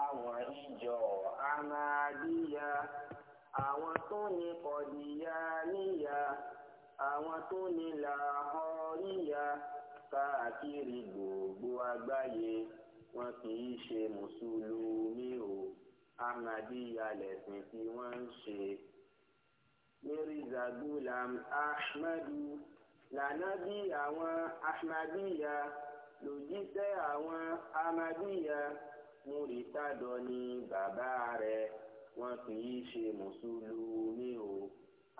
àwọn ìjọ àmàdíyà àwọn tó ní kọ̀díyà níyà àwọn tó ní làhọ́ríyà káàkiri gbogbo àgbáyé wọn kì í ṣe mùsùlùmí o àmàdíyà lẹ̀sìn tí wọ́n ń ṣe. Mirza Gulam Ahmadu lànábì àwọn Ahmadiyya lòjíṣẹ́ àwọn Ahmadiyya múri tádọ ni bàbá rẹ̀ wọ́n kì í ṣe mùsùlùmí o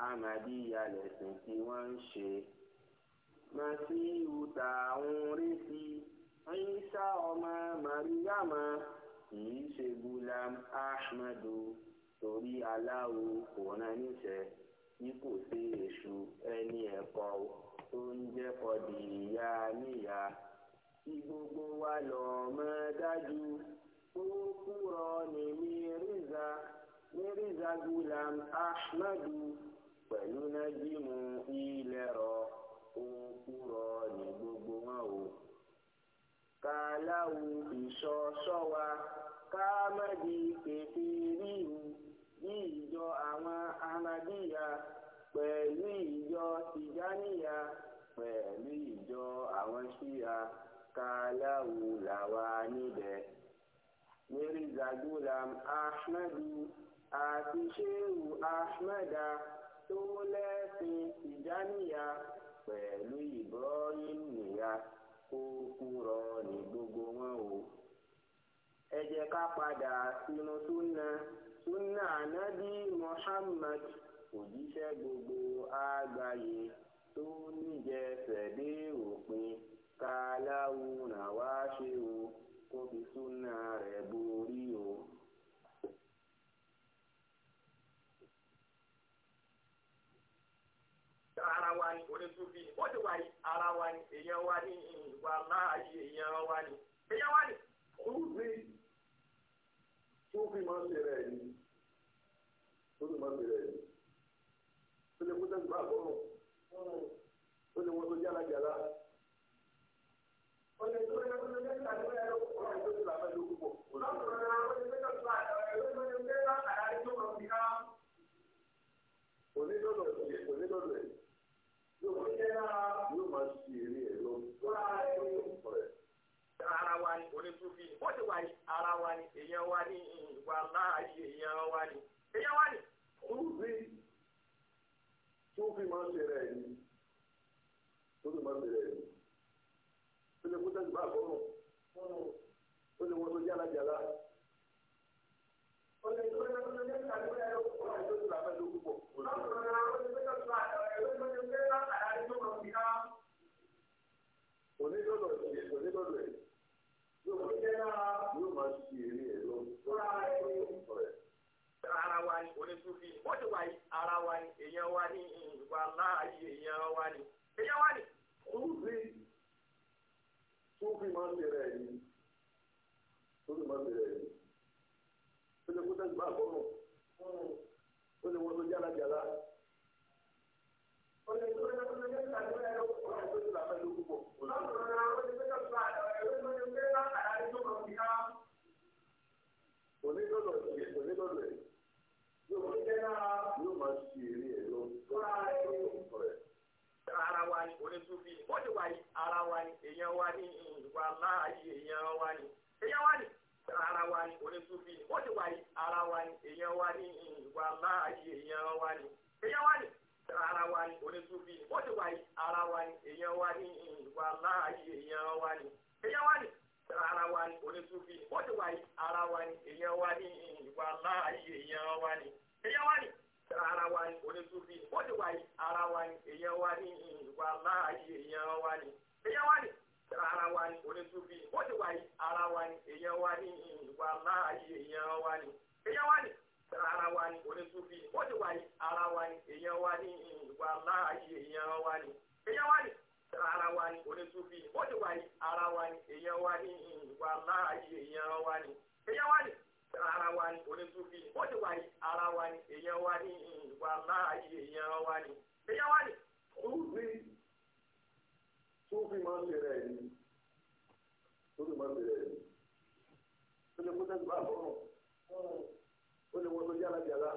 amadiya lẹ̀sìn tí wọ́n ń ṣe. masihu tá à ń retí Ìsá ọmọ mariama kì í ṣe gulam ahmadu torí aláwo kò rán níṣẹ́ kò sí èṣù ẹni ẹ̀kọ́ tó ń jẹ́ kọ́dìyà níyà tí gbogbo wa lọ́ọ́ mọ́ dájú. Kúrọ́ọ̀nì Mírízà Mírízà Gulam Ahmadu pẹ̀lú Nájímù Ilẹ̀rọ Kúrọ́ọ̀nì gbogbo wọn o. Kàláwù ìṣọ́ṣọ́wa Kámẹ́dì Kẹfìrìhù ní ìjọ àwọn Ahmadiyya pẹ̀lú ìjọ Tìjáníyà pẹ̀lú ìjọ àwọn Ṣíya Kàláwù làwa níbẹ̀ mirza zagulam ahmadu àti shehu ahmada tó lẹ́sìn tìjáníyà pẹ̀lú ibrahim nìyà ó kúrọ ní gbogbo wọn o. ẹ jẹ́ ká padà sínú súnà súnà ànábì muhammad òjíṣẹ́ gbogbo àgbáyé tó níjẹsẹ̀ dé òpin. súnà rẹ̀ borí o. ara wa ni ti ara wa ni èèyàn wa ìwà yi èèyàn wa ni èèyàn wa ni. olùsí fi máa ń máa ń lè kó bá a bọ̀ lè wọ́n ara wa ni onísùfì ó ti wà ní ara wa ni èèyàn wa ní ìwà láàyè èèyàn wa ni èèyàn wa ni. Súfì Súfì máa ń ṣe rẹ̀ yìí Súfì máa ń ṣe rẹ̀ yìí ó lè kó sẹ́yìn bá àkọ́rùn ó lè wọ́n tó yára jàlá. ó lè tó lè tó lè ká ló yẹ kó ọ̀rọ̀ ìjọba àbẹ̀lẹ̀ òkú pọ̀. ni onísúfì bó ti wà yìí ara wa ni èèyàn wa ni ìwà láàyè èèyàn wa ni èèyàn wa ni. Súfì Súfì máa ń bèrè ẹ̀yìn Súfì máa ń bèrè ẹ̀yìn ó lè kó sẹ́yìn bá àkọ́nù ó lè wọ́n tó jálá jálá. Ọ̀sẹ̀ tó lè lọ́kọ̀ọ́ lè jẹ́ ìlànà ẹ̀rọ ọ̀rọ̀ tó ti là fẹ́ lókùpọ̀. ara wa ni èèyàn wa ni ìwà láàyè èèyàn wa ni èèyàn wa ni ara wa ni onísùnfì ni wọ́n ti wà yìí ara wa ni èèyàn wa ni ìwà láàyè èèyàn wa ni èèyàn wa ni ara wa ni onísùnfì ni wọ́n ti wà yìí ara wa ni èèyàn wa ni ìwà láàyè èèyàn wa ni èèyàn wa ni ara wa ni onísùnfì ni wọ́n ti wà yìí ara wa ni èèyàn wa ni ìwà láàyè èèyàn wa ni èèyàn wa ni ara wa ni onísùnfì ni wọ́n ti wà yìí ara wa ni èèyàn wa ni ìwà láàyè èèyàn wa ni èèyàn wá ní ara wa ni onítúbí wọ́n ti wà yí ara wa ni èèyàn wá ní ìwà láàyè èèyàn wá ní èèyàn wá ní ara wa ni onítúbí wọ́n ti wà yí ara wa ni èèyàn wá ní ìwà láàyè èèyàn wá ní èèyàn wá ní ara wa ni onítúbí wọ́n ti wà yí ara wa ni èèyàn wá ní ìwà láàyè èèyàn wá ní èèyàn wá ní ara wa ni onítúbí wọ́n ti wà yí ara wa ni èèyàn wá ní ìwà láàyè èèyàn wá ní èèyàn wá ní tó fi máa ń ṣe rẹ̀ yìí tó fi máa ń ṣe rẹ̀ yìí ó lè kó tẹ́sí bá fọ́ọ̀rùn ó lè wọ́n tó yára jàlá.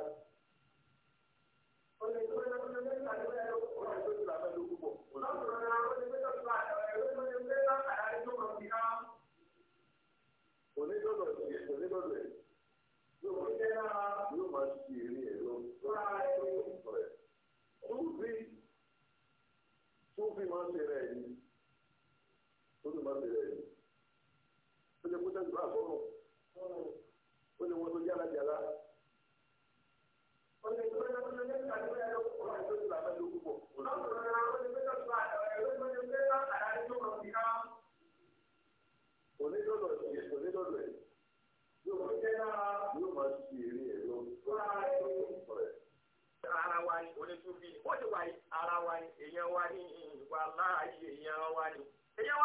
ó lè tó yára jàlá nígbà tó yẹ kó ó lè tó ti làbẹ́ ló púpọ̀. lọ́sọ̀rọ̀ náà ó lè tó ti làbẹ́ ló púpọ̀ ó lè tó ti làbẹ́ ló púpọ̀ onídọ̀dọ̀ tiẹ̀ onídọ̀dọ̀ ẹ̀ yóò máa ṣe yóò máa ṣe eré ẹ̀ lọ lọ́wọ́ tó ń sọ ẹ̀. túbí túbí máa ń ṣe rẹ̀ yìí ó sì máa bẹ̀rẹ̀ rẹ̀ ó jẹ́ kó sẹ́yìn bá àbọ̀mọ̀ ó ní wọn tó yára yàrá. ọ̀sẹ̀ tó yẹ kó lè ká ní ẹ̀rọ púpọ̀ náà tó ti làbẹ́ ló lọ́sọ̀rọ̀ náà ó ní pẹ́ẹ́tọ́ tó àtọ̀ ẹ̀rọ tó ní pẹ́ẹ́tọ́ àdáyé tó lọ sí ká. onídọ̀dọ̀ ẹ̀ ẹ̀ yóò máa jẹ́ yóò máa ṣe eré ẹ̀ lọ. ara wa ni onítúbí wọ́n ti wà ara wa ni èèyàn wa ni ìwà láàyè èèyàn wa ni èèyàn wa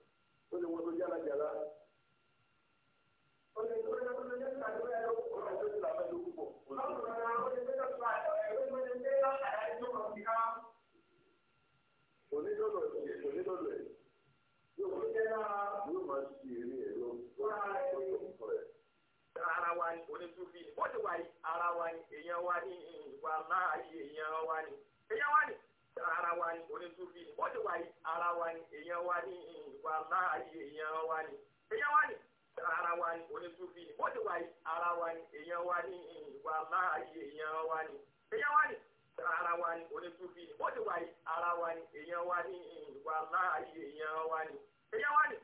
ó ní wọn tó jára jàrá ó ní tó yẹ kó tó yẹ kó tó yẹ kó tó yẹ kó tó làbẹ́ ló púpọ̀. onídọ́lọ̀ ẹ̀ onídọ́lọ̀ ẹ̀ yóò fi jẹ́ náà yóò máa ṣe eré ẹ̀ lọ ara wa ni onisufi ni wọ́n ti wà ní ara wa ni èèyàn wa ni ìwà máa yé èèyàn wa ni èèyàn wa ni ara wa ni onísùnfì ni bọ́ọ̀dì wa ni ara wa ni èèyàn wa ni ìwà láàyè èèyàn wa ni èèyàn wa ni ara wa ni onísùnfì ni bọ́ọ̀dì wa ni ara wa ni èèyàn wa ni ìwà láàyè èèyàn wa ni èèyàn wa ni ara wa ni onísùnfì ni bọ́ọ̀dì wa ni ara wa ni èèyàn wa ni ìwà láàyè èèyàn wa ni èèyàn wa ni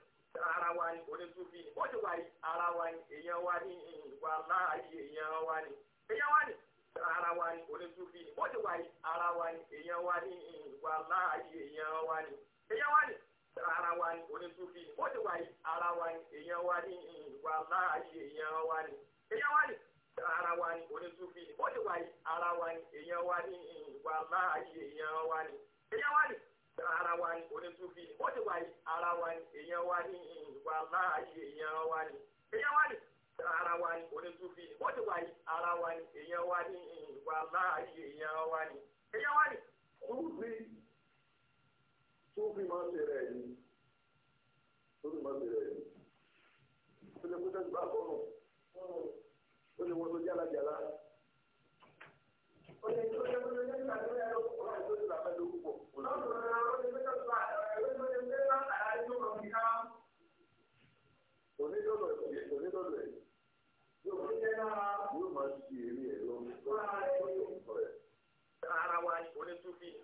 ara wa ni onísùnfì ni bọ́ọ̀dì wa ni ara wa ni èèyàn wa ni ìwà láàyè èèyàn wa ni èèyàn wa ni ara wa ni onísùfì ni wọ́n ti wà ní ara wa ni èèyàn wa ní ìwà láàyè èèyàn wa ni èèyàn wa ni ara wa ni onísùfì ni wọ́n ti wà ní ara wa ni èèyàn wa ní ìwà láàyè èèyàn wa ni èèyàn wa ni ara wa ni onísùfì ni wọ́n ti wà ní ara wa ni èèyàn wa ní ìwà láàyè èèyàn wa ni èèyàn wa ni ara wa ni onísùfì ni wọ́n ti wà ní ara wa ni èèyàn wa ní ìwà láàyè èèyàn wa ni èèyàn wa ni. ara wa ni onítúfi wọ́n ti wà ara wa ni èèyàn wa ní ìwà láàyè èèyàn wa ni èèyàn wa ni. máa ń ṣe yìí máa ń ṣe yìí wọ́n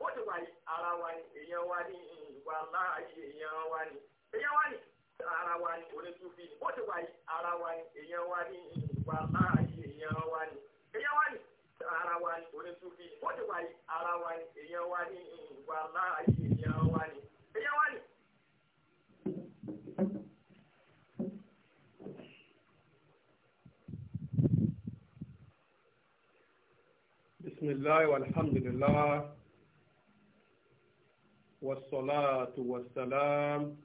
ó ti wà ara wa ni èèyàn wa ni ìwà láàyè èèyàn wa ni èèyàn wa ni ara wa ni onítúbí ni ó ti wà ara wa ni èèyàn wa ni ìwà láàyè èèyàn wa ni èèyàn wa ni ara wa ni onítúbí ni ó ti wà ara wa ni èèyàn wa ni ìwà láàyè èèyàn wa ni èèyàn wa ni. بسم الله والحمد لله والصلاة والسلام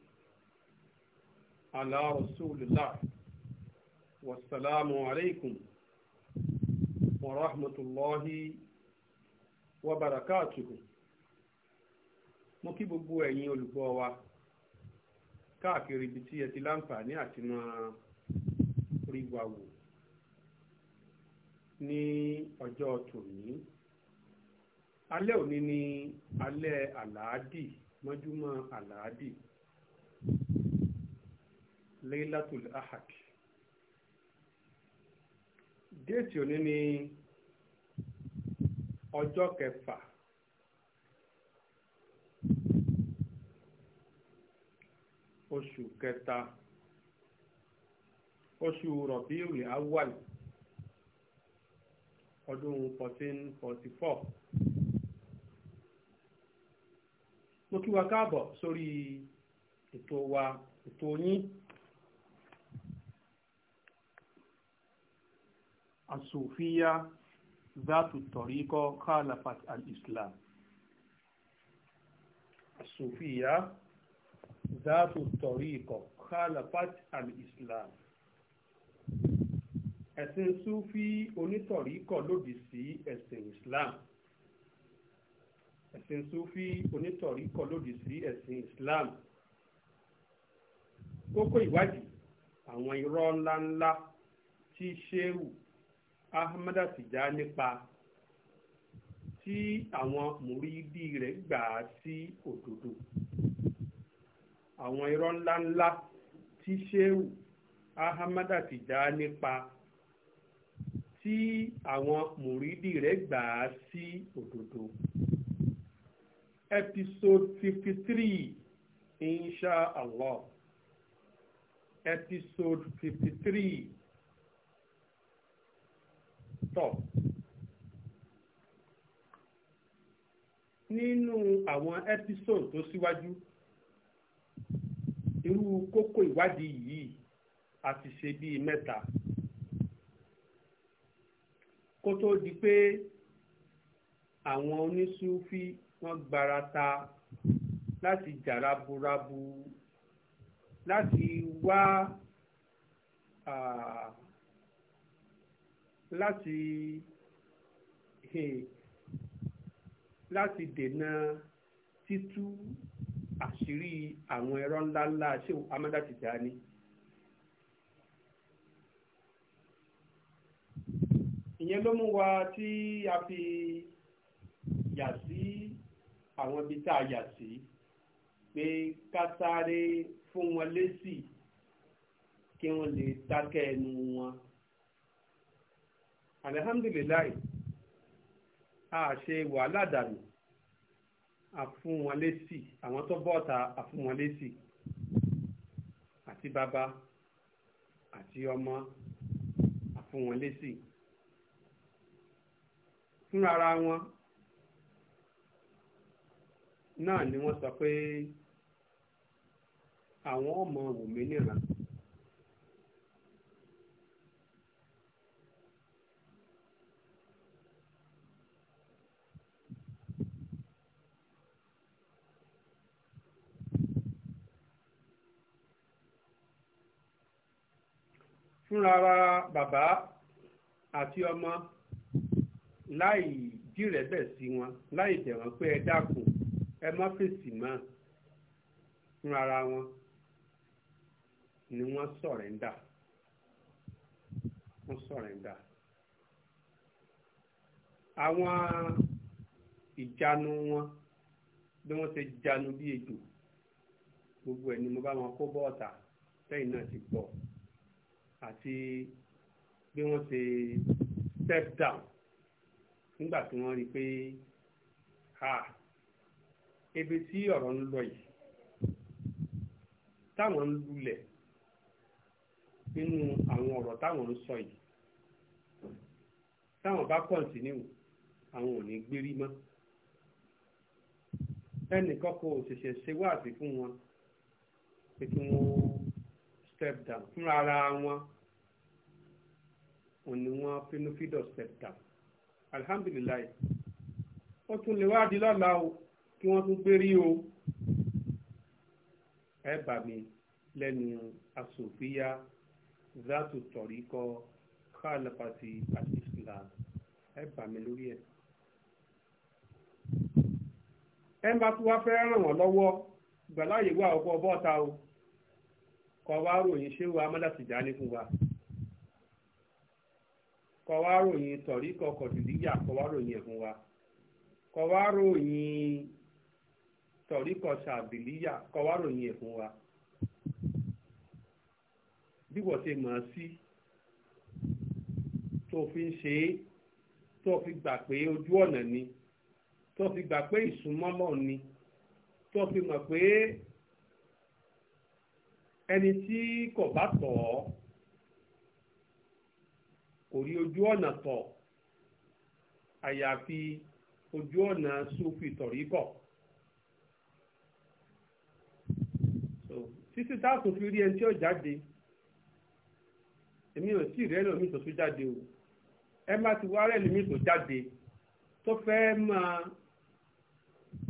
على رسول الله والسلام عليكم ورحمة الله وبركاته mo kí gbogbo ẹ̀yin olùgbọ́ wa káàkiri ibi tí ẹ ti láǹfààní àti máa rí wa wò ní ọjọ́ tòní alẹ́ òní ni alẹ́ àlàádì mọ́júmọ́ àlàádì leilatul ahad déètì òní ni ọjọ́ kẹfà oṣù kẹta oṣù rọ̀bíùlì awal ọdún fourteen forty four mo kí wa káàbọ̀ sórí ètò wa ètò yín asòfíà zátù tọ̀ríkọ́ khalafat al-islam asòfíà zátù tọ̀ríkọ́ khalafat al-islam ẹ̀sìn súfí onítọ̀ríkọ̀ lòdì sí ẹ̀sìn islam ẹ̀sìn sufi onítọ̀rí kọ lòdì sí ẹ̀sìn islam kókó ìwádìí àwọn irọ́ ńláńlá tí sheu ahmadu Tijani pa tí àwọn mùrídì rẹ̀ gbà á sí òdodo àwọn irọ́ ńláńlá tí sheu ahmadu Tijani pa tí àwọn mùrídì rẹ̀ gbà á sí òdodo episode fifty three insha episode fifty three tọ nínú àwọn episode tó síwájú irú koko ìwádìí yìí a ti ṣe bíi mẹ́ta kó tó di pé wọ́n gbarata láti jà raburabu láti wá láti láti dènà títú àṣírí àwọn ẹ̀rọ ńláńlá ṣé amádá ti dá ní. ìyẹn ló mú wa tí a fi yà sí àwọn ibi tá a yà sí pé ká sáré fún wọn lésì kí wọ́n lè dákẹ́ ẹnu wọn. alihamdulilayi a ṣe wàhálà dànù àfún wọn lésì àwọn tó bọ́ta àfún wọn lésì àti bàbá àti ọmọ àfún wọn lésì fúnra ara wọn náà ni wọ́n sọ pé àwọn ọmọ wò mí níran fúnra bàbá àti ọmọ láì dìrẹ́bẹ̀ sí wọn láì bẹ̀ pé ẹ dákun ẹ má fèsì mọ́ fúnra ara wọn ni wọ́n sọ̀rẹ́ńdà wọ́n sọ̀rẹ́ńdà àwọn ìjánu wọn bí wọ́n ṣe jánu bí ejò gbogbo ẹ̀ ni mo bá wọn kó bọ́ọ̀tà lẹ́yìn náà ti gbọ́ àti bí wọ́n ṣe step down nígbà tí wọ́n rí i pé ha. Ah, ibi tí ọ̀rọ̀ ń lọ yìí táwọn ń lulẹ̀ nínú àwọn ọ̀rọ̀ táwọn ń sọ yìí táwọn bá kọ̀ǹtínú àwọn ò ní gbérí mọ́ ẹnìkan kò ṣẹ̀ṣẹ̀ ṣe wáàsí fún wọn pé kí wọ́n step down fúnra ara wọn òun ni wọ́n pinnu fídọ̀ step down alhamdulilayi ó tún lè wá di lọ́la o. kí wọ́n tún gbérí o ẹ bà mí lẹ́nu asòfíà tọ̀ríkọ khalafati ẹ bà mí lórí ẹ ẹ bá tún wá fẹ́ ràn wọ́n lọ́wọ́ gbàláyè wà ọkọ̀ bọ́ta o kọ wá ròyìn ṣé fún wa tọ̀rí kan ṣàbìlíyà kọ wá ròyìn ẹ̀ wa bí wọ́n ṣe mọ̀ ọ́ sí tó fi ń ṣe é tó fi gbà pé ojú ọ̀nà ni tó fi gbà pé ìsúnmọ́lọ́ ni tó fi mọ̀ pé ẹni tí kò bá tọ̀ ọ́ kò rí ojú ọ̀nà tọ̀ àyàfi ojú ọ̀nà sófin tọ̀rí o títí táàkùn fi rí ẹni tí ó jáde èmi ò tí ì rẹ́ lómi tó tún jáde o ẹ má ti wá rẹ́ lómi tó jáde tó fẹ́ máa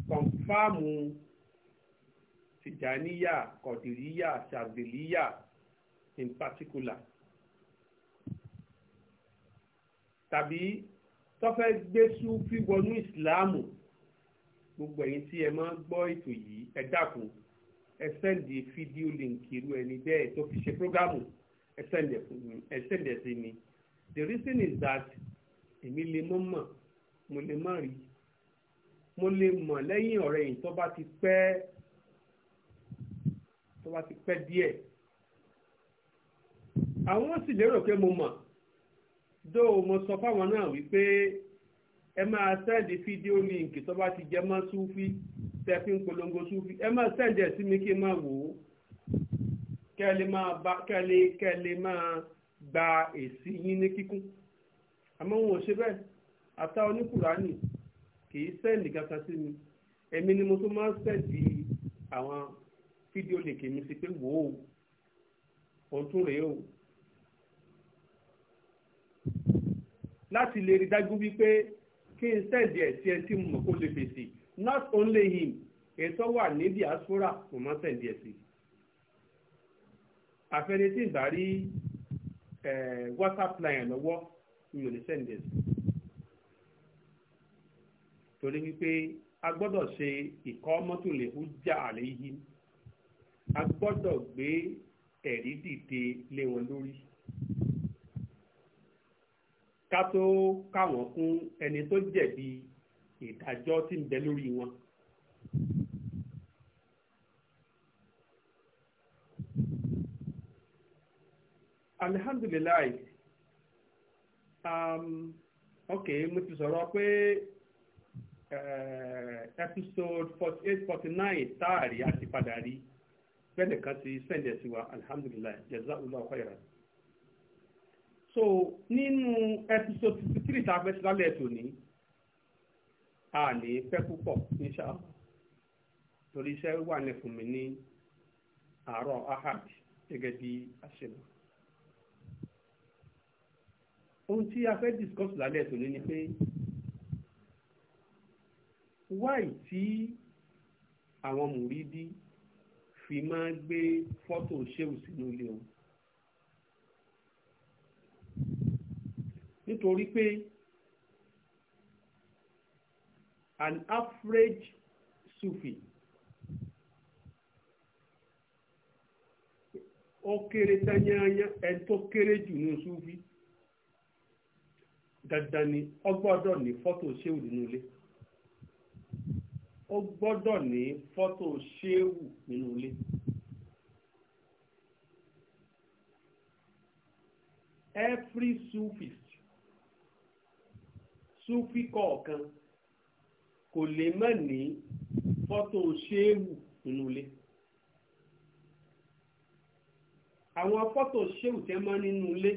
kọ̀ǹfàmù tìjàníyà kọ̀dìríyà ṣàdìlíyà in particular tàbí tó fẹ́ gbé súfì wọnú ìsìláàmù gbogbo ẹ̀yin tí ẹ máa ń gbọ́ ètò yìí ẹ dákun ẹ sẹ́ndì fídíò líǹkì irú ẹni bẹ́ẹ̀ tó fi ṣe prógámù ẹ sẹ́ndì mi the reason is that èmi lè mọ́ mọ̀ mo lè má rí mo lè mọ̀ lẹ́yìn ọ̀rẹ́ yìí tó bá ti pẹ́ tó bá ti pẹ́ díẹ̀ àwọn sì lérò pé mo mọ̀ dó mo sọ fáwọn náà wípé ẹ máa sẹ́ndì fídíò líǹkì tó bá ti jẹ mọ́ súnfí tẹ̀fí ń polongo súfì ẹ máa sẹ́ǹdẹ̀ sí mi kí n máa wò ó kẹ́lẹ́ máa bá kẹ́lẹ́ kẹ́lẹ́ máa gba èsì yín ní kíkún àmọ́ wọn ò ṣe bẹ́ẹ̀ àtà oníkùránì kì í sẹ́ǹdì kankan sí mi èmi ni mo tún máa ń sẹ́ǹdì àwọn fídíò lè kèmí sí pé wò ó òun tún rèé o láti lè rí dájú wípé kí n sẹ́ǹdì ẹ̀ sí tí mo mọ̀ kó lè fèsì. not only him ètò wà ní diaspora kò mọ́ sẹ̀ǹdì ẹ̀ sí. tí ń bá rí whatsapp Tori lọ́wọ́ mi ò ní sẹ̀ǹdì ẹ̀ torí wípé a gbọ́dọ̀ ṣe ìkọ́ ó já àlẹ́ yìí a gbọ́dọ̀ gbé ẹ̀rí dìde lé wọn lórí ká tó káwọn kún ẹni tó jẹ̀bi ìdájọ́ tí ń bẹ lórí wọn. alihamdulilayi um, ok mo ti sọ̀rọ̀ pé eh, episode forty eight forty nine táàrí àti padà rí bẹ́ẹ̀ nìkan ti sẹ́ndẹ̀ sí wa alihamdulilayi jazakallahu khairan so nínú episode fifty three tá fẹ́ sí lálẹ́ ètò a ní pẹ́ púpọ̀ níṣà torí iṣẹ́ wà ní fún mi ní àárọ̀ ahad gẹ́gẹ́ bí àṣemọ. ohun tí a fẹ́ discuss lálẹ́ tòní ni pé why tí àwọn mùrídí fi máa ń gbé fọ́tò ṣéwù sínú ilé wọn. nítorí pé an average Sufi ó kéré tányányá ẹni tó kéré jù ní Sufi dandan ni ó gbọ́dọ̀ ní fọ́tò ṣéwù nínú ilé ó gbọ́dọ̀ ní fọ́tò ṣéwù nínú ilé. every Sufi Sufi kọ̀ọ̀kan kò lè má ní fọ́tò ṣéwù nínú ilé àwọn fọ́tò ṣéwù tẹ́ mọ́ nínú ilé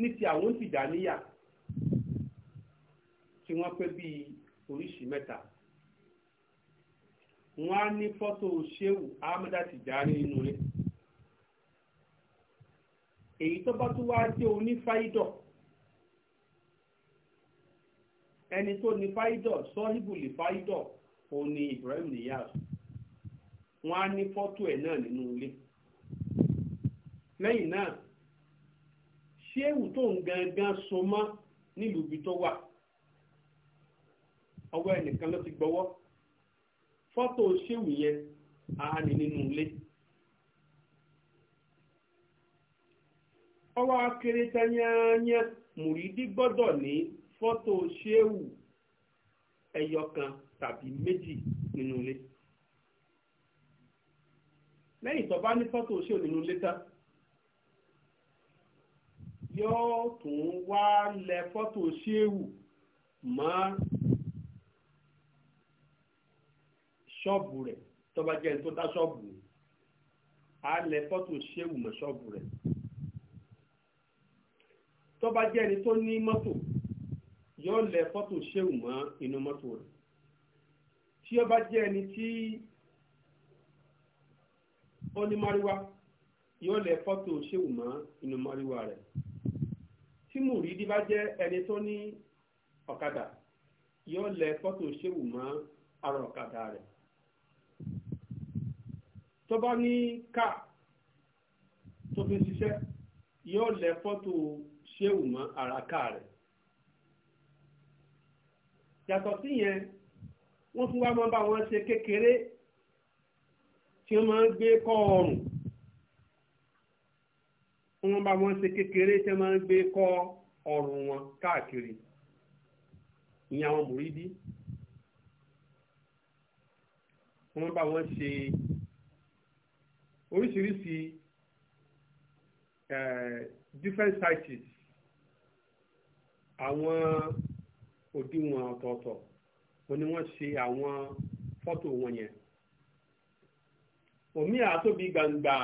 ní ti àwọn Tìjàníyà tí wọ́n pẹ́ bíi oríṣi mẹ́ta wọ́n á ní fọ́tò ṣéwù Ahmada Tìjàní nínú ilé èyí tó bá tún wá jẹ́ onífáìdọ̀ ẹni tó ní fáídọ̀ sọ́híbù lè fáídọ̀ òun ni Ibrahim Niyas wọ́n á ní fọ́tò ẹ̀ náà nínú ilé lẹ́yìn náà ṣéwù tó ń gangan so mọ́ nílùú ibi tó wà ọwọ́ ẹnìkan ló ti gbọ́wọ́ fọ́tò yẹn á ní nínú ilé. ọwọ́ mùrídìí gbọ́dọ̀ ní fọ́tò ṣéwù ẹyọkan tàbí méjì nínú ilé lẹ́yìn tó bá ní fọ́tò ṣéwù nínú ilé tán yóò tún wá lẹ fọ́tò ṣéwù mọ́ ṣọ́ọ̀bù rẹ̀ tó bá jẹ́ ẹni tó dá ṣọ́ọ̀bù ni á lẹ fọ́tò ṣéwù mọ́ ṣọ́ọ̀bù rẹ̀ tó bá jẹ́ ẹni tó ní mọ́tò yóò lẹ fọ́tò ṣéwù mọ́ inú mọ́tò rẹ̀ tí ó bá jẹ́ ẹni tí ó ní máríwá yóò lẹ fọ́tò ṣéwù mọ́ inú máríwá rẹ̀ tí mùrídìí bá jẹ́ ẹni tó ní ọ̀kadà yóò lẹ fọ́tò ṣéwù mọ́ ara ọ̀kadà rẹ̀ tó ní ká tó fi ṣiṣẹ́ yóò lẹ fọ́tò ṣéwù mọ́ ara ká rẹ̀ yàtọ̀ sí yẹn wọ́n tún wá máa bá wọn ṣe kékeré tí wọ́n máa ń gbé kọ́ ọrùn wọ́n bá wọn ṣe kékeré tí wọ́n máa ń gbé kọ́ ọrùn wọn káàkiri ìyẹn àwọn mùrídìí wọ́n bá wọn ṣe oríṣiríṣi eh, different sizes àwọn òdiwọ̀n ọ̀tọ̀ọ̀tọ̀ wọn ni wọ́n ṣe àwọn fọ́tò wọn yẹn omi àtóbi gbangba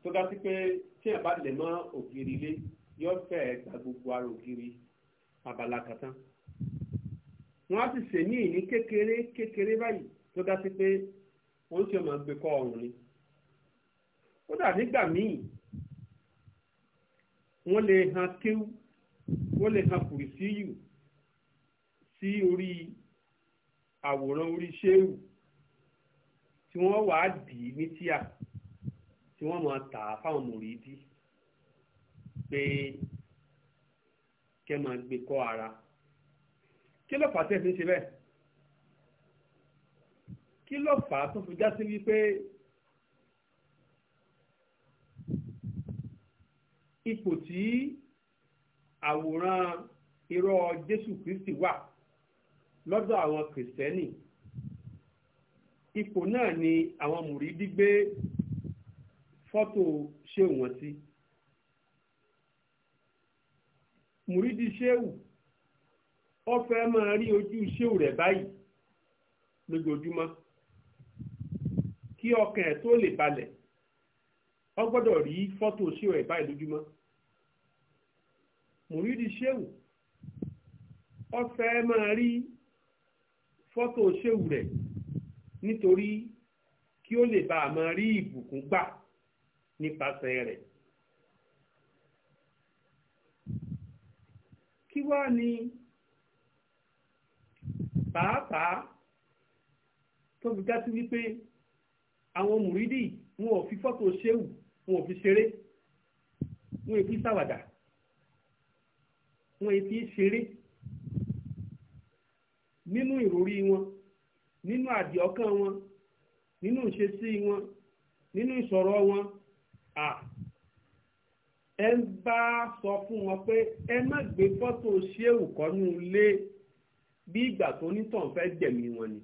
tó dá sí pé tí ẹ bá lè mọ ògiri ilé yóò fẹ́ gba gbogbo ara ògiri abala kàtán wọ́n á sì ṣe ní ìní kékeré kékeré báyìí tó dá pé wọ́n ti ọmọ gbé kọ́ ọ̀run ni kódà nígbà míì wọ́n lè han kéwù wọ́n lè ka kùrìsíyù sí orí àwòrán orí ṣéwù tí wọ́n wàá dì í ní tíà tí wọ́n máa tà á fáwọn mòrídìí pé kẹ́ máa gbé kọ́ ara kí ló fà á tẹ̀sí ṣe bẹ́ẹ̀ kí ló fà á tó fi já sí wípé ipò tí àwòrán irọ́ Jésù Kristi wà lọ́dọ̀ àwọn kìrìsìtẹ́nì ipò náà ni àwọn mùrídí gbé fọ́tò ṣéwù wọn sí mùrídí ṣéwù ó fẹ́ máa rí ojú ṣéwù rẹ̀ báyìí lójoojúmọ́ kí ọkàn ẹ̀ tó lè balẹ̀ ó gbọ́dọ̀ rí fọ́tò ṣéwù rẹ̀ báyìí lójúmọ́ mùrídì ṣéwù ó fẹ́ máa rí fọ́tò ṣéwù rẹ̀ nítorí kí ó lè bá a máa rí ìbùkún gbà nípasẹ̀ rẹ̀. kí wá ni pàápàá tó fi dá sí wípé àwọn mùrídì wọn ò fi fọ́tò ṣéwù wọn ò fi ṣeré wọn ò fi ṣàwàdà wọn èfi ṣeré nínú ìròrí wọn nínú àdìọ́kàn wọn nínú ìṣesí wọn nínú ìṣòro wọn à ẹ ń bá sọ fún wọn pé ẹ má gbé fọ́tò ṣéwù kọ́nú ilé bí ìgbà tó nítàn fẹ́ gbẹ̀mí wọn ni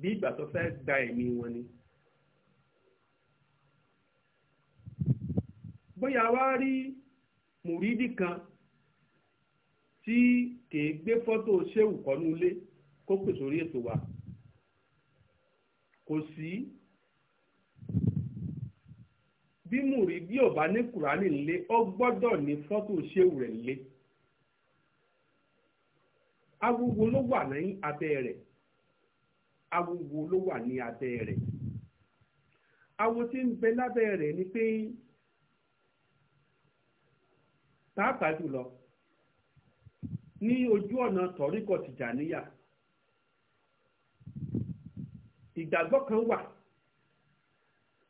bí ìgbà tó fẹ́ gba ẹ̀mí ni. bóyá mùrídì kan tí kìí gbé fọ́tò ṣéwù kọ́nú ilé kó pè sórí ètò wa kò sí bí mùrídì ò bá ní kùránì nílé ó gbọ́dọ̀ ní fọ́tò ṣéwù rẹ̀ nílé awúwo ló wà ní abẹ́ rẹ̀ awúwo ló wà ní abẹ́ rẹ̀ awo tí ń bẹ lábẹ́ rẹ̀ ni pé pàápàá jùlọ ní ojú ọ̀nà tọ̀ríkọ̀ tìjàníyà ìgbàgbọ́ kan wà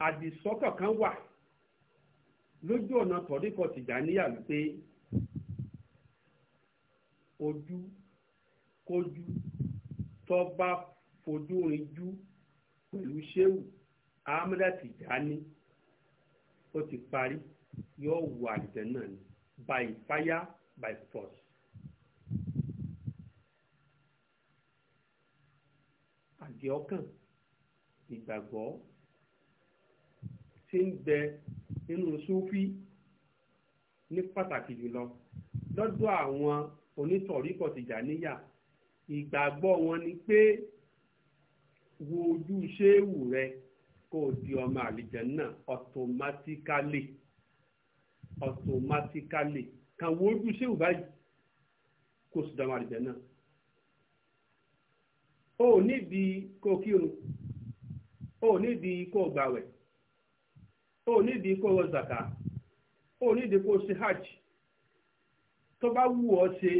àdìsọ́kàn kan wà lójú ọ̀nà tọ̀ríkọ̀ tìjàníyà wípé ojú kójú tó bá fojú rinjú pẹ̀lú ṣéwù ahmed tìjàní ó ti parí yóò wọ àdìtẹ̀ náà ni by fire by force. àdìọ́kàn ìgbàgbọ́ tí ń bẹ nínú súfí ní pàtàkì jùlọ lọ́dọ̀ àwọn onítọ̀ríkọ̀ tìjàníyà ìgbàgbọ́ wọn ni pé wo ojú ṣéwù rẹ kó o di ọmọ àlìjẹ náà automatically automatically kan wo ojú ṣéwù báyìí kó o sì dá wọn àlìjẹ náà o ò nídìí kó o kírun o ò nídìí kó o gbàwẹ̀ o ò nídìí kó o wọ zàkà o ò nídìí kó o ṣe hajj tó bá wù ọ́ ṣe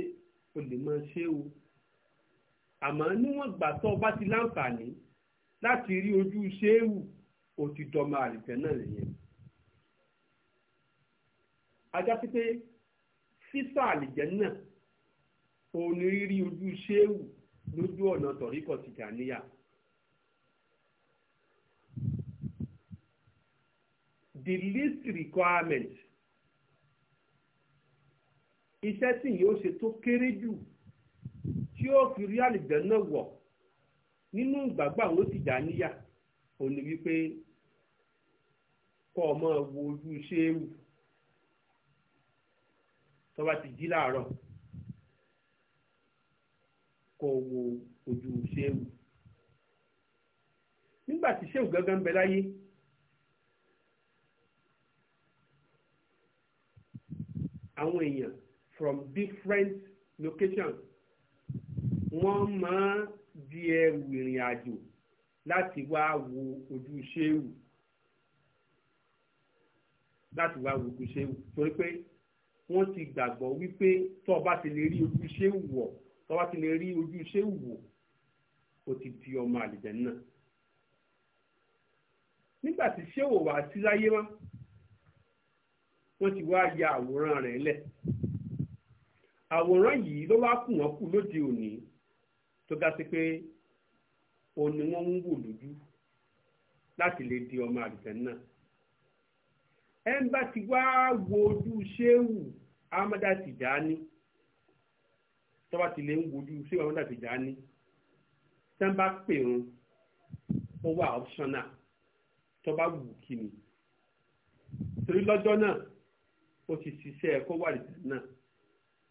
o lè máa ṣe o àmọ́ níwọ̀n gbà tó o bá ti láǹfààní láti rí ojú ṣéwù o ti dọ́mọ àlìjẹ náà lẹ́yìn ajá sí pé físà àlìjẹ́nà onírírí ojú ṣéwù lójú ọ̀nà tọ̀ríkọ̀ tìjàníyà. the least requirement iṣẹ́ tí yóò ṣe tó kéré jù tí ó fi rí àlìjẹ́nà wọ̀ nínú ìgbàgbọ́ àwọn tìjàníyà òní wípé kọ́ ọ máa wo ojú ṣéwù tó bá ti jí láàárọ̀ kó wo ojú ṣéwù nígbà tí ṣéwù gangan bẹ láyé àwọn èèyàn from different locations wọ́n máa di ẹrù ìrìn àjò láti wá wo ojú ṣéwù láti wá wo ojú ṣéwù torí pé wọ́n ti gbàgbọ́ wípé tó bá ti lè rí ojú ṣé wọ̀ tó bá ti lè rí ojú ṣé wọ̀ ó ti di ọmọ àlìjẹ́ náà. nígbà tí ṣé wò wá sí láyé mọ́ wọ́n ti wá ya àwòrán rẹ̀ lẹ̀. àwòrán yìí ló wá kù wọ́n kù lóde òní tó ga sí pé òun wọ́n ń wò lójú láti lè di ọmọ àlìjẹ́ náà ẹnba ti wá wo ojú ṣéwù amada Tijani tọ́ba ti lè ń wo ojú ṣéwù amada Tijani tẹ́ńbà pè wọn ó wà ọ́pṣọ́nà tọ́ba wù kí ni torí lọ́jọ́ náà ó ti ṣiṣẹ́ kó wà lìtẹ̀ náà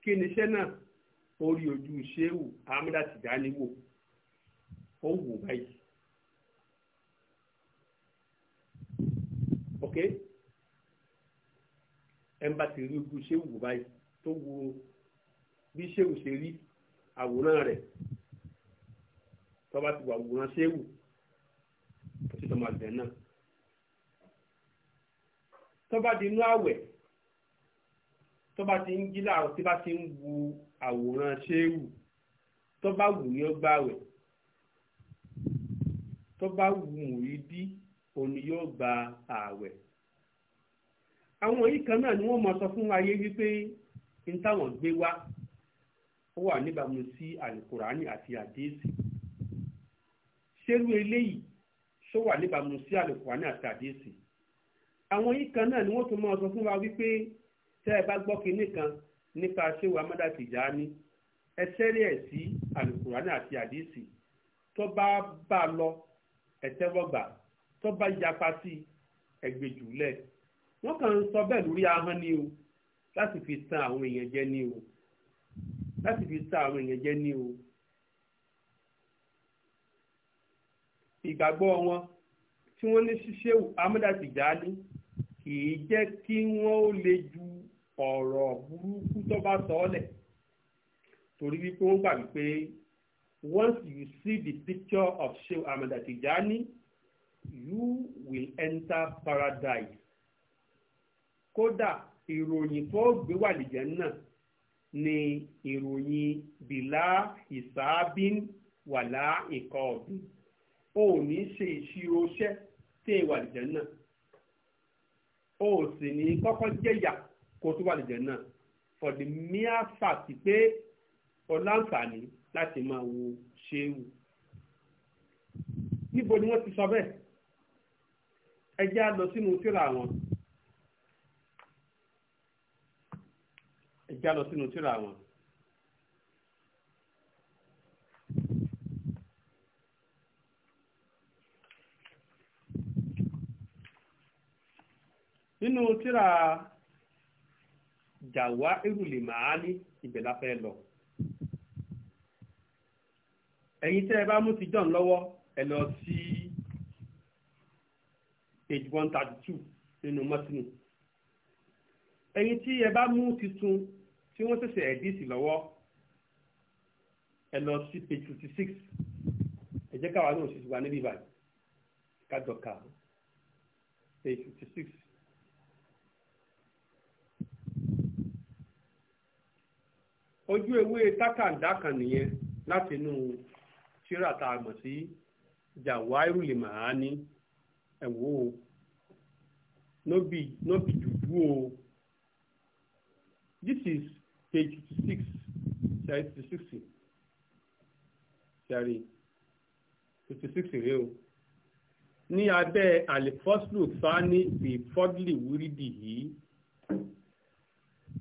kí ni iṣẹ́ náà orí ojú ṣéwù amada Tijani wò ó wò báyìí. Okay? ẹnba ti rí ojú ṣéwù báyìí tó wo bí ṣéwù ṣe rí àwòrán rẹ̀ tọ́ba ti wà àwòrán ṣéwù títí tọmọ àgbẹ̀ náà tọ́ba di inú àwẹ̀ tọ́ba ti ń jí láàrọ̀ tí bá ti ń wo àwòrán ṣéwù tọ́ba wù ní ọgbà àwẹ̀ tọ́ba wù mùrídìí òun ni yóò gba ààwẹ̀ àwọn yìí kan náà ni wọ́n máa sọ fún ayé wípé n táwọn gbé wá ó wà níbàámu sí alukurani àti àdéhìsì ṣerú eléyìí ṣó wà níbàámu sí alukurani àti àdéhìsì àwọn yìí kan náà ni wọ́n tún máa sọ fún wa wípé tẹ́ ẹ bá gbọ́ kinní kan nípa ṣéwà amádà Tìjàní ẹ sẹ́rí ẹ̀ sí alukurani àti àdéhìsì tó bá bá lọ ẹ tẹ́wọ́ gbà tó bá yapa sí ẹgbẹ́ jùlẹ̀ wọ́n kàn ń sọ bẹ́ẹ̀ lórí ahọ́n ni o láti fi tan àwọn èèyàn jẹ ni o láti fi tan àwọn èèyàn jẹ ni o ìgbàgbọ́ wọn tí wọ́n ní ṣíṣe amúdá Tìjàní kì í jẹ́ kí wọ́n ó le ju ọ̀rọ̀ burúkú tó bá sọ ọ́ lẹ̀ torí wípé wọ́n gbà wípé once you see the picture of Shehu Ahmad Tijani you will enter paradise kódà ìròyìn tó gbé wà lìjẹ́ náà ni ìròyìn bìlá ìsáábín wàlá ìkọ́ ọ̀bí o ò ní ṣe ìṣirò iṣẹ́ tí ìwà lìjẹ́ náà o ò sì ní kọ́kọ́ jẹ̀yà kó tó wà lìjẹ́ náà for the mere fact pé ọláǹfààní láti máa wo ṣéwù níbo ni wọ́n ti sọ bẹ́ẹ̀ ẹ jẹ́ á sínú tírà wọn. ẹjá lọ sínú tírà wọn. nínú tírà jàwá irùlé màání ibẹ̀ la fẹ́ lọ. ẹ̀yin tẹ́ ẹ bá mú ti John lọ́wọ́ ẹ lọ sí page one thirty two nínú mọ́tínù ẹ̀yin tí ẹ bá mú titun tí wọ́n ṣẹ̀ṣẹ̀ ẹ̀dísì lọ́wọ́ ẹ lọ sí page fifty six ẹ jẹ́ káwa náà ṣiṣẹ́ wa níbí báyìí kájọ kà page fifty six. ojú ewé tákàndá kan nìyẹn láti inú tírà tá a mọ̀ sí jàwáírù lè màá ní ẹ̀wọ́ o no be no be juju o this is page fifty six ṣàrí fifty six ṣàrí fifty six rèé o ní abẹ́ àlìfọ́sùlù sáni fi fọ́dìlì wúrídì yìí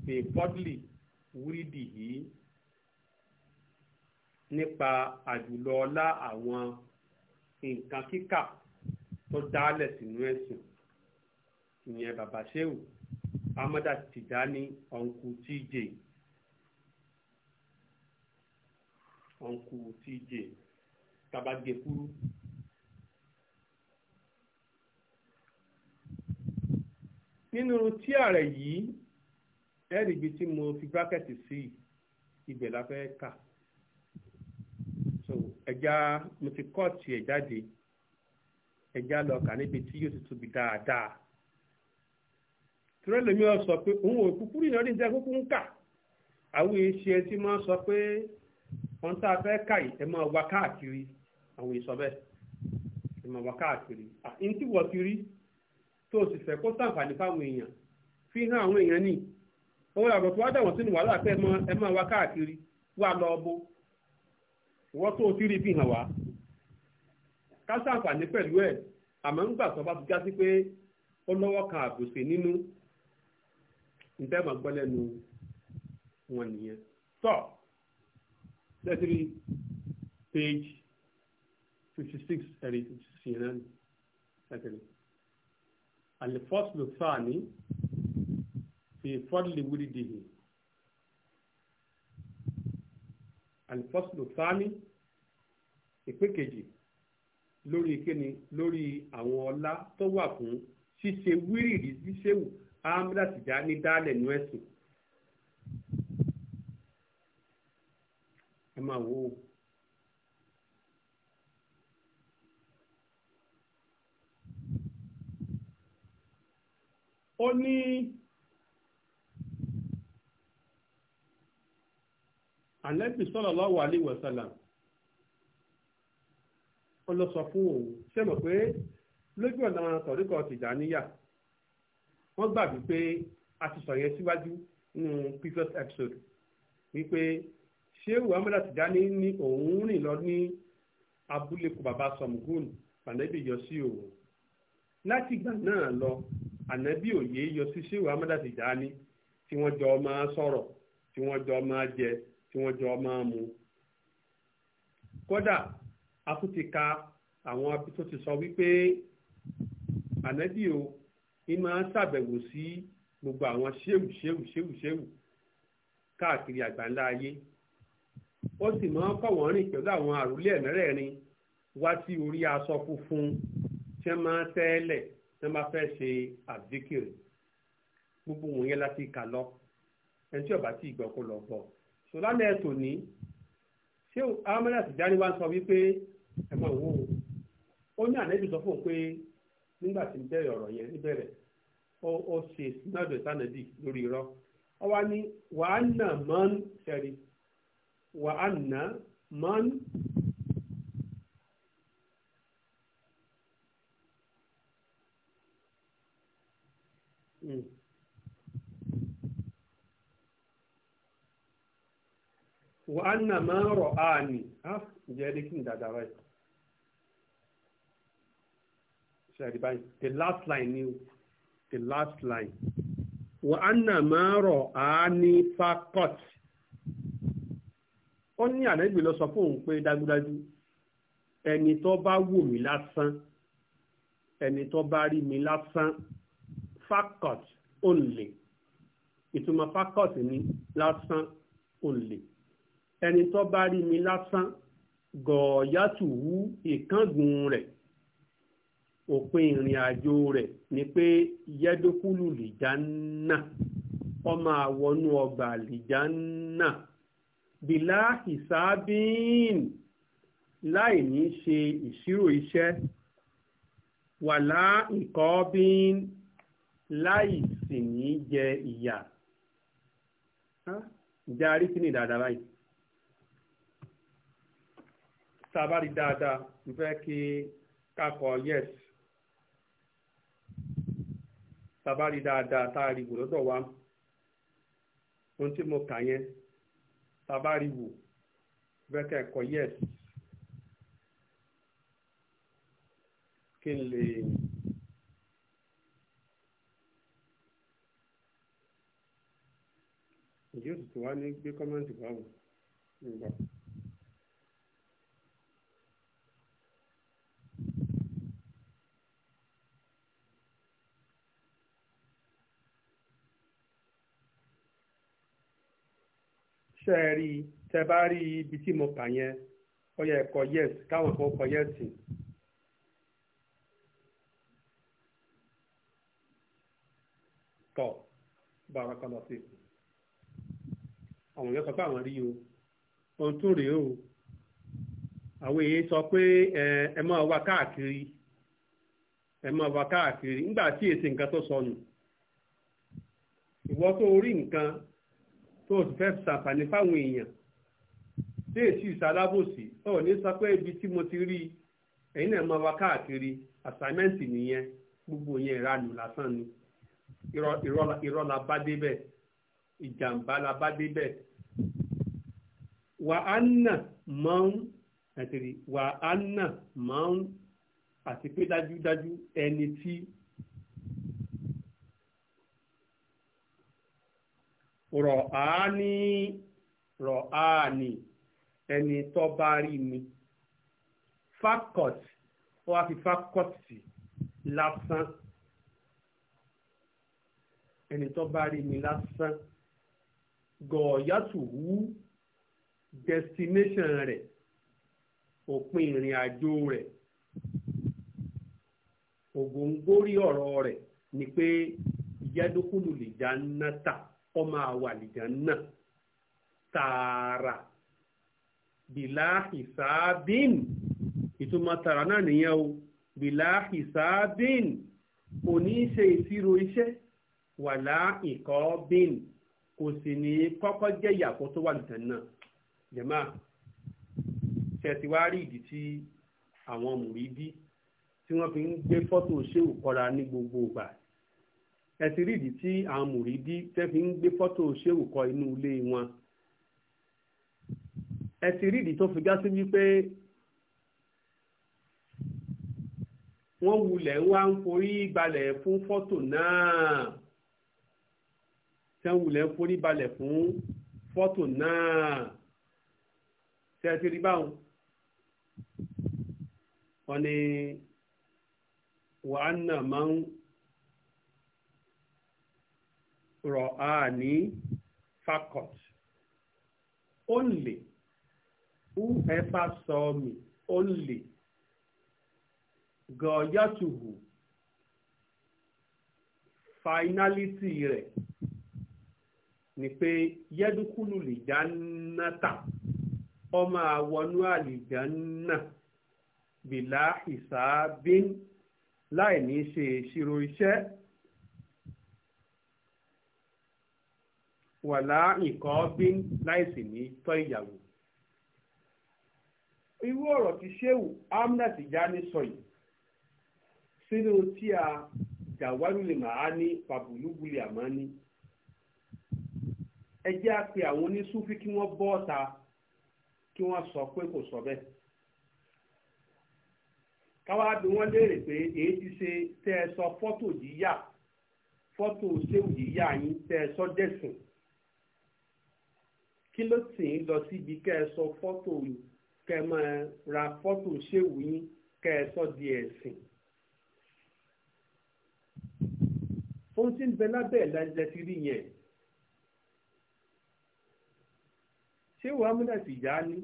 fi fọ́dìlì wúrídì yìí nípa àjùlọ ọlá àwọn nǹkan kíkà tó dálẹ̀ sínú ẹ̀sìn ìyẹn bàbá ṣéwù amada tìjání ọ̀nkù tíjẹ́ yìí. ọ̀nkù tj tabagekuru. nínú tí ààrẹ yìí ẹ̀rì ibi tí mo fi bírákẹ́tì sí ibẹ̀ la fẹ́ kà so ẹja mo ti kọ́ọ̀tì ẹ̀ jáde ẹja lọ kà níbi tí yóò ti tóbi dáadáa tìrẹ́ lèmi ọ sọ pé òun ò kúkúrú ìnáwó ní ìjẹ́ kúkú ń kà àwọn èèyàn ṣe ẹ tí máa sọ pé. ohun tá a fẹ́ kà ẹ máa wá káàkiri àwọn èso ẹ máa wá káàkiri àyìn ti rí tó o sì fẹ́ kó sàǹfààní fi hàn àwọn èèyàn ní òun làbọ̀ tó wá dà wọ́n sínú wàhálà pé ẹ máa káàkiri ti rí fi hàn wá ká sàǹfààní pẹ̀lú ẹ̀ àmọ́ ńgbà tó bá ti já sí pé ó lọ́wọ́ kan nínú gbọ́ lẹ́nu wọn nìyẹn So, tẹ́tìrì page fifty six ẹ̀rí sí ẹ̀ náà tẹ́tìrì. الفصل الثاني في فضل ولده الفصل الثاني ìpín kejì lórí kíni lórí àwọn ọlá tó wà fún ṣíṣe wírìrì ṣíṣe àmì láti já ní dálẹ̀ nú ẹ̀sìn máa wò ó. ó ní ànábì sallallahu alaihi wasallam ó lọ sọ fún òun ṣé mọ̀ pé lójú ọ̀nà tọ̀ríkọ̀ tìjàníyà wọ́n gbà wípé a ti sọ yẹn síwájú nínú previous episode wípé ṣéwù amúlá tìjáni ni òun rìn lọ ní abúlé kò bàbá sọmùgún pàǹdẹ́bì yọ sí òun látìgbà náà lọ ànábì òye yọ sí ṣéwù amúlá tìjáni tí wọ́n jọ máa sọ̀rọ̀ tí wọ́n jọ máa jẹ tí wọ́n jọ máa mu kódà a tún ti ka àwọn abi tó ti sọ wípé ànábì o ní máa ń ṣàbẹ̀wò sí gbogbo àwọn ṣéwù ṣéwù ṣéwù ṣéwù káàkiri àgbáńlá ayé ó sì máa ń kọ́ wọ́n rìn pẹ̀lú àwọn àròlé ẹ̀mẹ́rẹ̀ẹ̀rin wá sí orí aṣọ funfun tí wọ́n máa ń tẹ́lẹ̀ tí wọ́n bá fẹ́ ṣe àdíkìrì gbogbo wọn yẹn láti kà lọ ẹni tí ọba tí ì gbọ́ kó lọ gbọ́ sọlálẹ̀ ẹ̀ tòní ṣé ahmed àtijani wá ń sọ wípé ẹ máa wò ó ní ànẹ́bí sọ fún un pé nígbà tí ń bẹ̀rẹ̀ ọ̀rọ̀ yẹn níbẹ̀rẹ̀ ó ṣe sinadu ìsànàbì lórí irọ́ ọ wá ní wàá nà mọ́ ṣẹ́rí wà á nà man wà á nà man rọ̀ áàní ǹjẹ́ rí kí n dàda báyìí ṣàrí báyìí the last line ni the last line wà á nà man rọ̀ áàní fakọ́tì ó ní ànábì lọ sọ fóun pé dájúdájú ẹni tó bá wò mí lásán ẹni tó bá rí mi lásán fakọt òǹlè ìtumọ̀ fakọt ni lásán only, ẹni tó bá rí mi lásán gọ̀ọ́yàtù wú ìkángun rẹ̀ òpin ìrìn àjò rẹ̀ ni pé yẹ́dókúlù lìjánà ọmọ àwọnú ọgbà lìjánà bìlá ìsábìn láì ní ṣe ìṣirò iṣẹ́ wàlá ìkọ́bìn láì sì ní jẹ ìyà ǹjẹ́ a rí kíní dáadáa báyìí sábàrí dáadáa ń fẹ́ kí kakọ yes sábàrí dáadáa tá a rí gbòdọ́dọ̀ wa ohun tí mo kà yẹn tabariwo bẹ́kẹ̀ ẹ̀kọ́ yes kí n lè ìjọ́sìn tó wá ní gbé kọ́mẹ́ǹtì báwò nígbà. tẹ́ tẹ́ bá rí ibi tí mo kà yẹn ó yẹ kọ yes káwọn kan kọ yes. tọ́ bára kan lọ sí i sọ pé àwọn rí o ohun tó rèé o àwọn èèyàn sọ pé ẹ máa wá káàkiri ẹ máa wá káàkiri nígbà tí èsì nǹkan tó sọnù ìwọ tó rí nǹkan tó o ti fẹ́ ṣàǹfààní fáwọn èèyàn tí èsì ìsalábòsí ọ̀ ní sọ pé ibi tí mo ti rí ẹ̀yin náà máa wá káàkiri àsámẹ́ǹtì nìyẹn gbogbo yẹn ìranù lásán ni irọ́ la bá débẹ̀ ìjàmbá la bá débẹ̀ wà á nà máa ń ẹ̀tẹ̀rì wà á nà máa ń àti pé dájúdájú ẹni tí rọ̀áánì rọ̀áánì ẹni tó bá rí mi fakọt ó wá fi fakọt sí lásán ẹni tó bá rí mi lásán gọ̀ọ́yàtùwú destination rẹ̀ òpin ìrìn àjò rẹ̀ ògòǹgórí ọ̀rọ̀ rẹ̀ ni pé ìyádókòlù lè já náta ọ máa wà lìjàn náà tààrà bìlà ìsáábìn ìtumọ̀ tààrà náà nìyẹn o bìlà ìsáábìn kò ní í ṣe ìṣirò iṣẹ́ wàlá ìkọ́ bìn kò sì ní kọ́kọ́ jẹ́ ìyàpọ̀ tó wà lìjàn náà jẹ̀má ṣẹ̀tì ìdí tí àwọn mùrídí tí wọ́n fi ń gbé fọ́tò ṣéwù kọ́ra ní gbogbo ìgbà ẹ ti rí ìdí tí àwọn mùrídí tẹ́ fi ń gbé fọ́tò ṣéwù kọ inú ilé wọn ẹ ti rí ìdí tó fi já sí wípé wọ́n wulẹ̀ wá ń forí balẹ̀ fún fọ́tò náà tẹ́ ń wulẹ̀ ń forí balẹ̀ fún fọ́tò náà tẹ́ ẹ ti rí báwọn wọ́n ní wàá máa ń ra'ani fakot. Only who ever saw me, only goyatuhu finality rẹ̀ ni pé yẹ́dúkúlù lìjánátà ọmọ àwọnú àlìjánà bìlá ìsáábín láì ní ṣe ìṣirò iṣẹ́. wàlá nǹkan bí láìsí ní tọ́ ìyàwó. irú ọ̀rọ̀ tí Shehu Ahmad Tijani sọ yìí sínú tí a jàwálùlẹ̀ màá ní pàbùlùbùlẹ̀ àmọ́ ní ẹ jẹ́ á pe àwọn onísúfí kí wọ́n bọ́ ọ̀ta kí wọ́n sọ pé kò sọ bẹ́ẹ̀. káwá bí wọ́n léèrè pé èyí ti ṣe tẹ́ ẹ sọ fọ́tò yíyà fọ́tò ṣéwù yíyà yín tẹ́ ẹ sọ dẹ̀sùn kí ló sì ń lọ síbi kẹ́ ẹ sọ fọ́tò kẹ́ ẹ máa ra fọ́tò ṣéwù yín kẹ́ ẹ sọ di ẹ̀sìn. ohun tí ń bẹ lábẹ́ ẹ̀ lálẹ́ ti rí yẹn ṣéwù amúdà Tìjání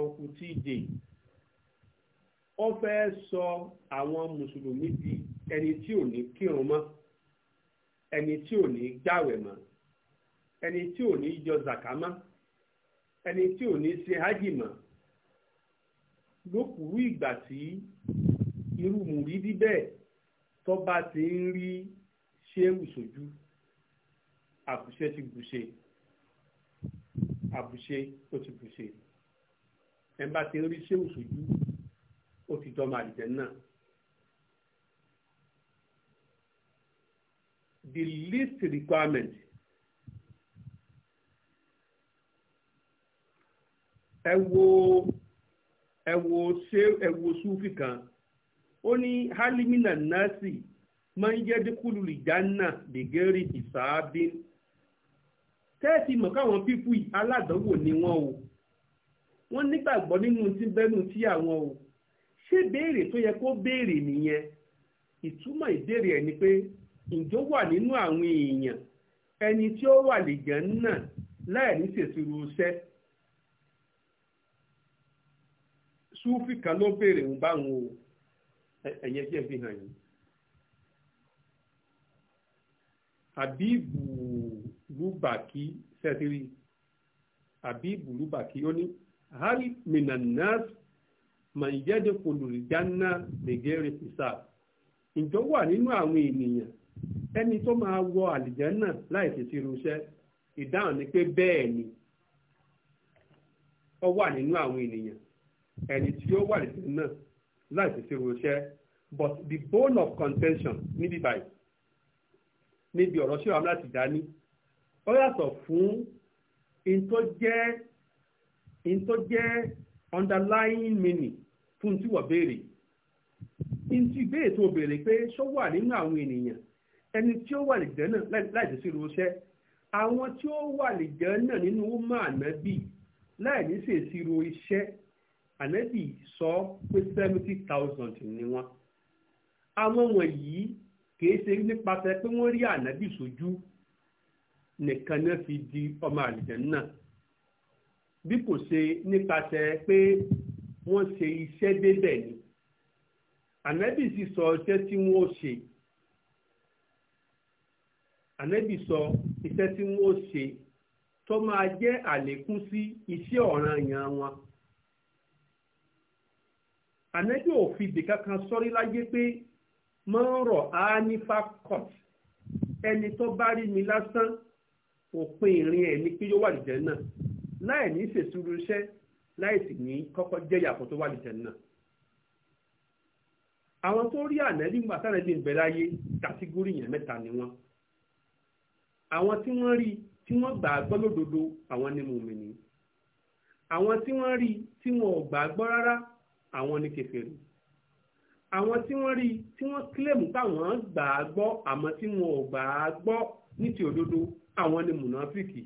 ọ̀nkù TJ ó fẹ́ sọ àwọn mùsùlùmí di ẹni tí ò ní kírun mọ́ ẹni tí ò ní gbàwẹ̀ mọ́ ẹni tí ò ní yọ zàkámá ẹni tí ò ní ṣe hajj mọ́ lókùrú ìgbà tí irú mùrídí bẹ́ẹ̀ tó bá ti ń rí ṣéwù sójú àbùṣe ti bùṣe àbùṣe ó ti bùṣe ẹ̀ bá ti ń rí ṣéwù sójú ó ti dọ́mọ àdìjẹ́ náà. The least requirement ewu wo ẹ wo kan ó ní halimina nasi máa ń jẹ́ dínkùlù ìjánà dègẹ́rì ìsáábín tẹ́ẹ̀tì mọ̀ káwọn pípù aládánwò ni wọ́n o wọ́n nígbàgbọ́ nínú tí bẹ́nu tí àwọn o ṣé béèrè tó yẹ kó béèrè nìyẹn ìtumọ̀ ìbéèrè ẹ̀ ni pé ǹjọ́ wà nínú àwọn èèyàn ẹni tí ó wà lè jẹ́ náà láì ní súfì kan ló béèrè ń báwọn o ẹ̀yẹ jẹ́ fi hàn yín. àbíbù lùbàkì sẹ́tìrì àbíbù lùbàkì ó ní hali minanas mànyẹ́dẹ́ kòlùrìjánná lẹ́gẹ́rẹ́ fìsà ìjọ wà nínú àwọn ènìyàn ẹni tó máa wọ àlìjánná láì tètè ránṣẹ́ ìdáhùn ni pé ẹni tí ó wà nínú náà láì fi ṣe ròṣẹ́ but the bone of contention níbi báyìí níbi ọ̀rọ̀ ṣé wàhálà ti dání ó yàtọ̀ fún in tó jẹ́ in tó underlying meaning fún tí wọ́n béèrè in tí ìbéèrè tó béèrè pé ṣó wà nínú àwọn ènìyàn ẹni tí ó wà lè jẹ́ náà láì sí ròṣẹ́ àwọn tí ó wà lè jẹ́ náà nínú ọmọ ànábì láì ní sèṣirò iṣẹ́ ànẹ́bì sọ pé seventy thousand ni wọ́n àwọn wọ̀nyí kìí ṣe nípasẹ̀ pé wọ́n rí ànẹ́bì sójú nìkan náà fi di ọmọ àlìjẹ́n náà bí kò ṣe nípasẹ̀ pé wọ́n ṣe iṣẹ́ débẹ̀ ni ànẹ́bì sì sọ iṣẹ́ tí wọ́n ṣe ànẹ́bì sọ iṣẹ́ tí wọ́n ṣe tó máa jẹ́ àlékún sí iṣẹ́ ọ̀ranyàn wọn ànẹ́bí ò fi ibì kankan sọ́rí láyé pé mọ́rọ̀ á ní fakọ́t ẹni tó bá rí mi lásán òpin ìrìn ẹ̀ ní pé yóò wà lìjẹ́ náà láì ní ṣèṣúrú iṣẹ́ láì sì ní kọ́kọ́ jẹ́ ìyàpọ̀ tó wà lìjẹ́ náà. àwọn tó rí ànẹ́bí ń bí ń bẹ kàtígórì yẹn mẹ́ta ni wọ́n. àwọn tí wọ́n rí tí wọ́n gbà á gbọ́ lódodo àwọn ni mùmìnì. àwọn tí wọ́n rí tí wọ́n ò gbà á gbọ́ rárá àwọn ní kèfèrí àwọn tí wọ́n rí tí wọ́n kílèmù táwọn gbà á gbọ́ àmọ́ tí wọn ò gbà á gbọ́ ní ti òdodo àwọn ni mùnàfíkì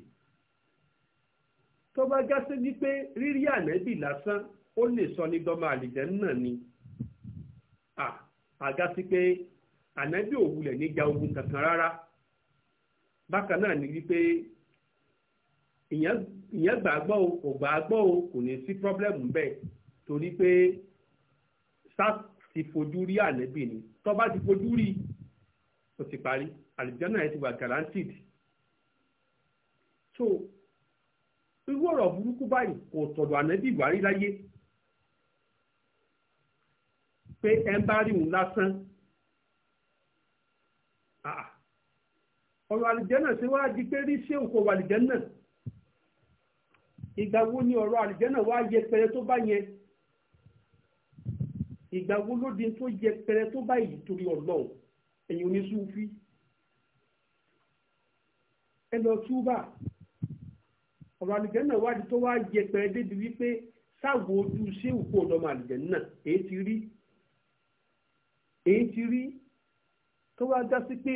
tó bá já sí wípé rírí ànẹ́bì lásán ó lè sọ ní dọ́mọ àlìjẹ́ náà ni àga sí pé ànẹ́bì ò wulẹ̀ ní ja ogun kankan rárá bákan náà ni wípé ìyẹn gbàgbọ́ o kò gbàgbọ́ o kò ní sí pírọ́blẹ́mù bẹ́ẹ̀ torí pé sars ti fojú rí ànẹ́bì ni tó bá ti fojú rí ó ti parí àlìjánà ẹ̀ ti wà guaranteed so irú ọ̀rọ̀ burúkú báyìí kò tọ̀dọ̀ ànẹ́bì wà rí láyé pé ẹ ń bá rí òun lásán ọ̀rọ̀ àlìjánà ṣe wá di pé rí ṣé òkò wà àlìjánà ìgbà wo ni ọ̀rọ̀ àlìjánà wá yẹpẹrẹ tó bá yẹn ìgbà wo ló di tó yẹ pẹrẹ tó báyìí torí ọlọ́run ẹ̀yin oníṣúfí ẹ lọ túbà ọ̀rọ̀ àlùjẹ́ náà wádìí tó wá yẹ pẹrẹ débi wípé sáàgó ojú sí òkú ọ̀dọ́mọ àlùjẹ́ náà èyí ti rí èyí ti rí tó wá já sí pé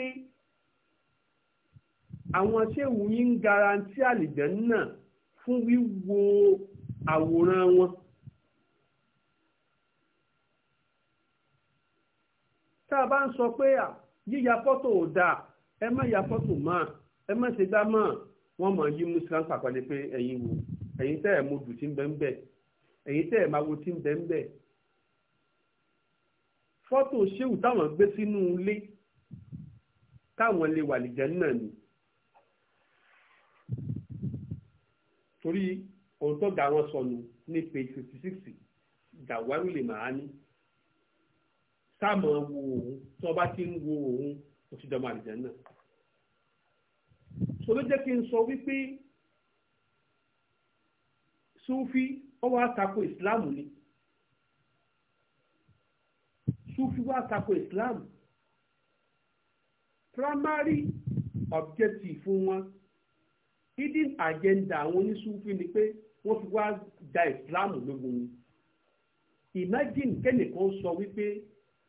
àwọn ṣéwù yín ń garanti àlùjẹ́ náà fún wíwo àwòrán wọn. tá a bá ń sọ pé yíya fọ́tò ò dáa ẹ má ya fọ́tò mọ́ ẹ má ṣe gbá mọ́ wọ́n mọ̀ yí muslim pàpàdé pé ẹ̀yin wò ẹ̀yin tẹ́ ẹ̀ mojú tí ń bẹ ń bẹ ẹ̀yin tẹ́ ẹ̀ máa wo tí ń bẹ ń bẹ. fọ́tò ṣéwù táwọn gbé sínú ilé táwọn lè wà lìjẹ́ náà ni. torí ohun tó ga wọn sọnù ní page fifty six dàwárù lè màá ní táàmù wo òun tí wọ́n bá ti ń wo òun ó ti dọ̀mọ àlìjẹ́ náà. sọ ló jẹ́ kí n sọ wípé Súfí ó wá tako ìsìláàmù ni Súfí wá tako ìsìláàmù primary objective fún wọn hidden agenda àwọn oníṣúfí ni pé wọ́n fi wá da ìsìláàmù lógun ni imagine kẹ́nìkan sọ wípé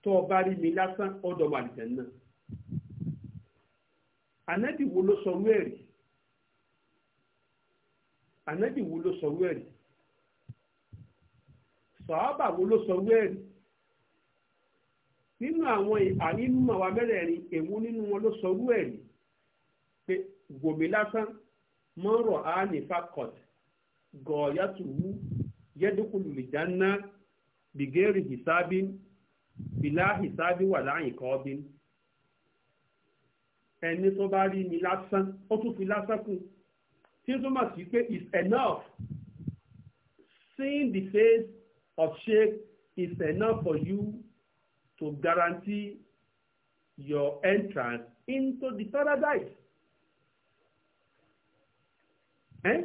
tó o bá rí mi lásán ọ̀dọ̀ wà lìjẹ̀ náà ànábì wo ló sọrú ẹ̀ rí ànábì wo ló sọrú ẹ̀ rí sọ̀hábà wo ló sọrú ẹ̀ rí nínú àwọn àyínmọ̀ wa mẹ́rẹ̀ẹ̀rin èwo nínú wọn ló sọrú ẹ̀ pé gòmí lásán mọ́rọ̀ á ní fakọ̀t gọ̀ọ́yàtúwú yẹ́dúkúlù ná bìgẹ́rì hìsábìn bìlá ìsáájú wà láyìn kan ọdún ẹni tó bá rí mi lásán ó tún fi lásán kù tí ó túmọ̀ sí pé is enough seeing the face of sheikh is enough for you to guarantee your entrance into the paradise. Eh?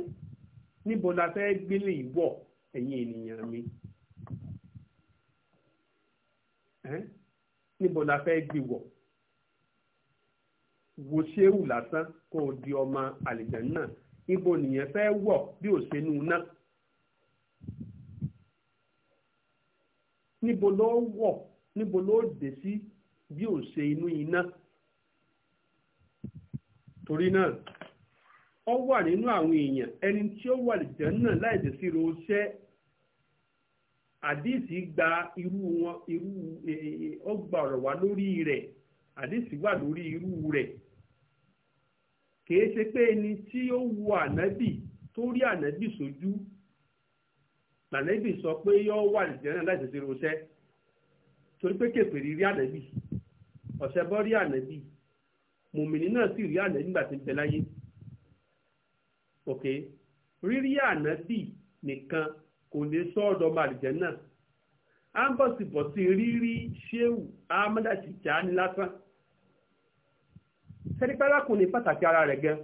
níbo la fẹ́ gbélé ìwọ̀ ẹ̀yin ènìyàn mi. níbo la fẹ́ gbi wọ̀ wo ṣéwù lásán kó o di ọmọ àlìjẹ́ náà níbo nìyẹn fẹ́ wọ̀ bí ò ṣe nu náà. níbo ló wọ̀ níbo ló dé sí bí ò ṣe inú iná torí náà ọ wà nínú àwọn èèyàn ẹni tí ó wà lìjẹ́ náà láì dé sí ro ṣẹ́ àdìsí gba irú wọn irú e, e, e, ó gba ọ̀rọ̀ wá lórí rẹ̀ àdìsí wà lórí irú rẹ̀ kìí ṣe pé ẹni tí ó wo ànábì tó rí ànábì sójú lànábì sọ pé yóò wà nìjẹ́rẹ́ láì tètè rọṣẹ́ torí pé kèfèrí rí ànábì ọ̀sẹ̀ bọ́ rí ànábì mùmìnì náà sì rí ànábì nígbà tí ń bẹ láyé ok rírí ànábì nìkan kò ní sọ ọ̀dọ̀ ọmọ àlìjẹ́ náà à ń bọ̀ sí bọ̀ sí rírí ṣéwù ahmed àtijọ́ ní lásán sẹ́dípẹ́lá kò ní pàtàkì ara rẹ̀ gan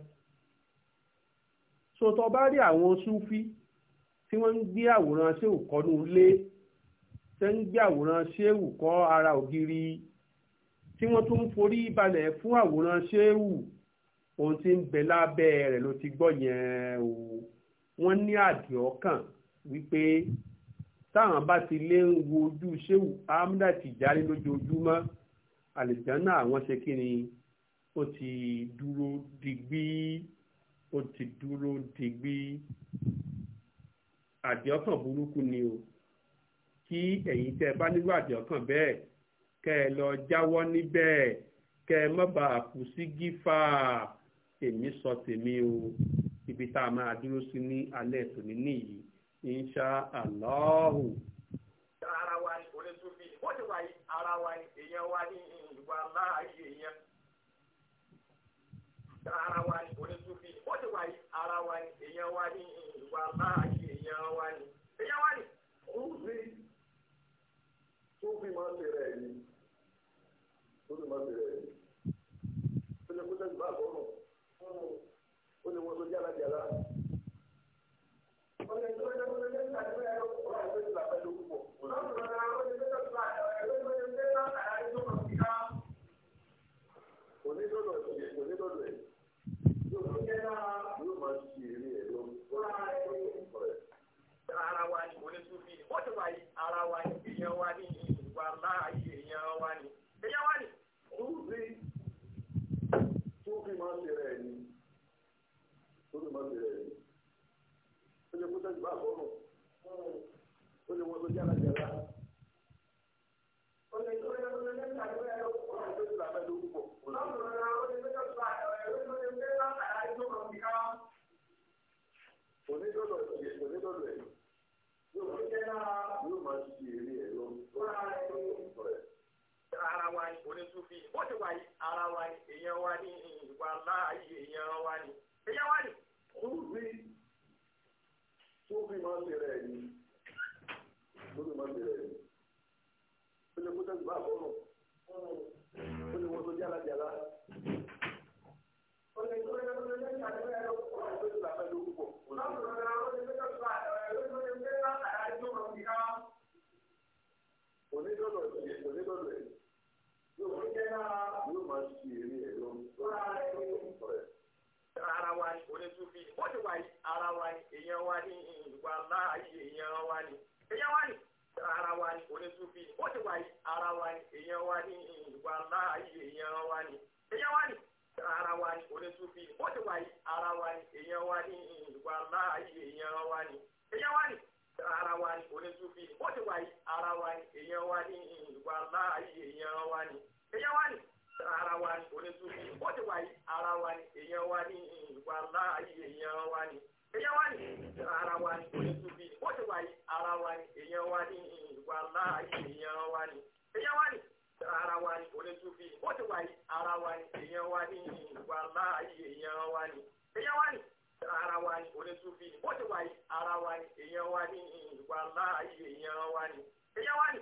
sọtọ́ bá rí àwọn súfí tí wọ́n ń gbé àwòrán ṣéwù kọ́nú lé tẹ́ ń gbé àwòrán ṣéwù kọ́ ara ògiri tí wọ́n tún forí balẹ̀ fún àwòrán ṣéwù ohun tí ń bẹ lábẹ́ rẹ̀ ló ti gbọ́ yẹn o wọ́n ní àdìọ́kàn wípé táwọn bá ti lé ń wo ojú ṣéwù amúdá Tìjàní lójoojúmọ́ àlìjáná àwọn ṣe kí ni ó ti dúró digbí ó ti dúró digbí àdìọ́kàn burúkú ni o kí ẹ̀yin tẹ́ bá nílò àdìọ́kàn bẹ́ẹ̀ kẹ́ ẹ lọ jáwọ́ níbẹ̀ kẹ́ ẹ má bàa kú sí gífà èmi sọ tèmi o ibi tá a máa dúró sí ní alẹ́ tòní nìyí insha allahu. ara wa ni onítúbí ni wọ́n ti wà yìí ara wa ni èèyàn wa ní ìwà láàyè èèyàn. ara wa ni onítúbí ni wọ́n ti wà yìí ara wa ni èèyàn wa ní ìwà láàyè èèyàn wa ni. èèyàn wa ni. túbí túbí máa ń tẹ̀lé ẹ̀yìn túbí máa ń tẹ̀lé ẹ̀yìn tó lè kó sẹ́yìn bá a bọ̀ ọ́ ó ní wọ́n tó jára jára. fi eré ẹ̀ lọ. ara wa ni onísùnfì ni wọ́n ti wà ara wa ni èèyàn wa ni ìwà láàyè èèyàn wa ni èèyàn wa ni. túbí túbí máa ń ṣe rẹ̀ ni túbí máa ń ṣe rẹ̀ ni ó lè kó sẹ́yìn bá bọ̀. bí ó ti wà ní ara wa ni èèyàn wa ní ìwà láàyè èèyàn wa ni èèyàn wa ni. Súfì Súfì máa ń bẹ̀rẹ̀ ẹ̀yìn. Súfì máa ń bẹ̀rẹ̀ ẹ̀yìn. Ó lè kó tẹ̀sí bá àkọ́nù. wọ́n ti wà ara wa ni èèyàn wa ni ìwà láàyè èèyàn wa ni èèyàn wa ni ara wa ni onítúbí ni wọ́n ti wà ara wa ni èèyàn wa ni ìwà láàyè èèyàn wa ni èèyàn wa ni ara wa ni onítúbí ni wọ́n ti wà ara wa ni èèyàn wa ni ìwà láàyè èèyàn wa ni èèyàn wa ni ara wa ni onítúbí ni wọ́n ti wà ara wa ni èèyàn wa ni ìwà láàyè èèyàn wa ni èèyàn wa ni ara wa ni onítúbí ó ti wà yìí ara wa ni èèyàn wa ni ìwà láàyè èèyàn wa ni èèyàn wa ni ara wa ni onítúbí ó ti wà yìí ara wa ni èèyàn wa ni ìwà láàyè èèyàn wa ni èèyàn wa ni ara wa ni onítúbí ó ti ara wa ni èèyàn wa ni ìwà láàyè èèyàn wa ni èèyàn wa ni ara wa ni onítúbí ó ti ara wa ni èèyàn wa ni ìwà láàyè èèyàn wa ni èèyàn wa ni.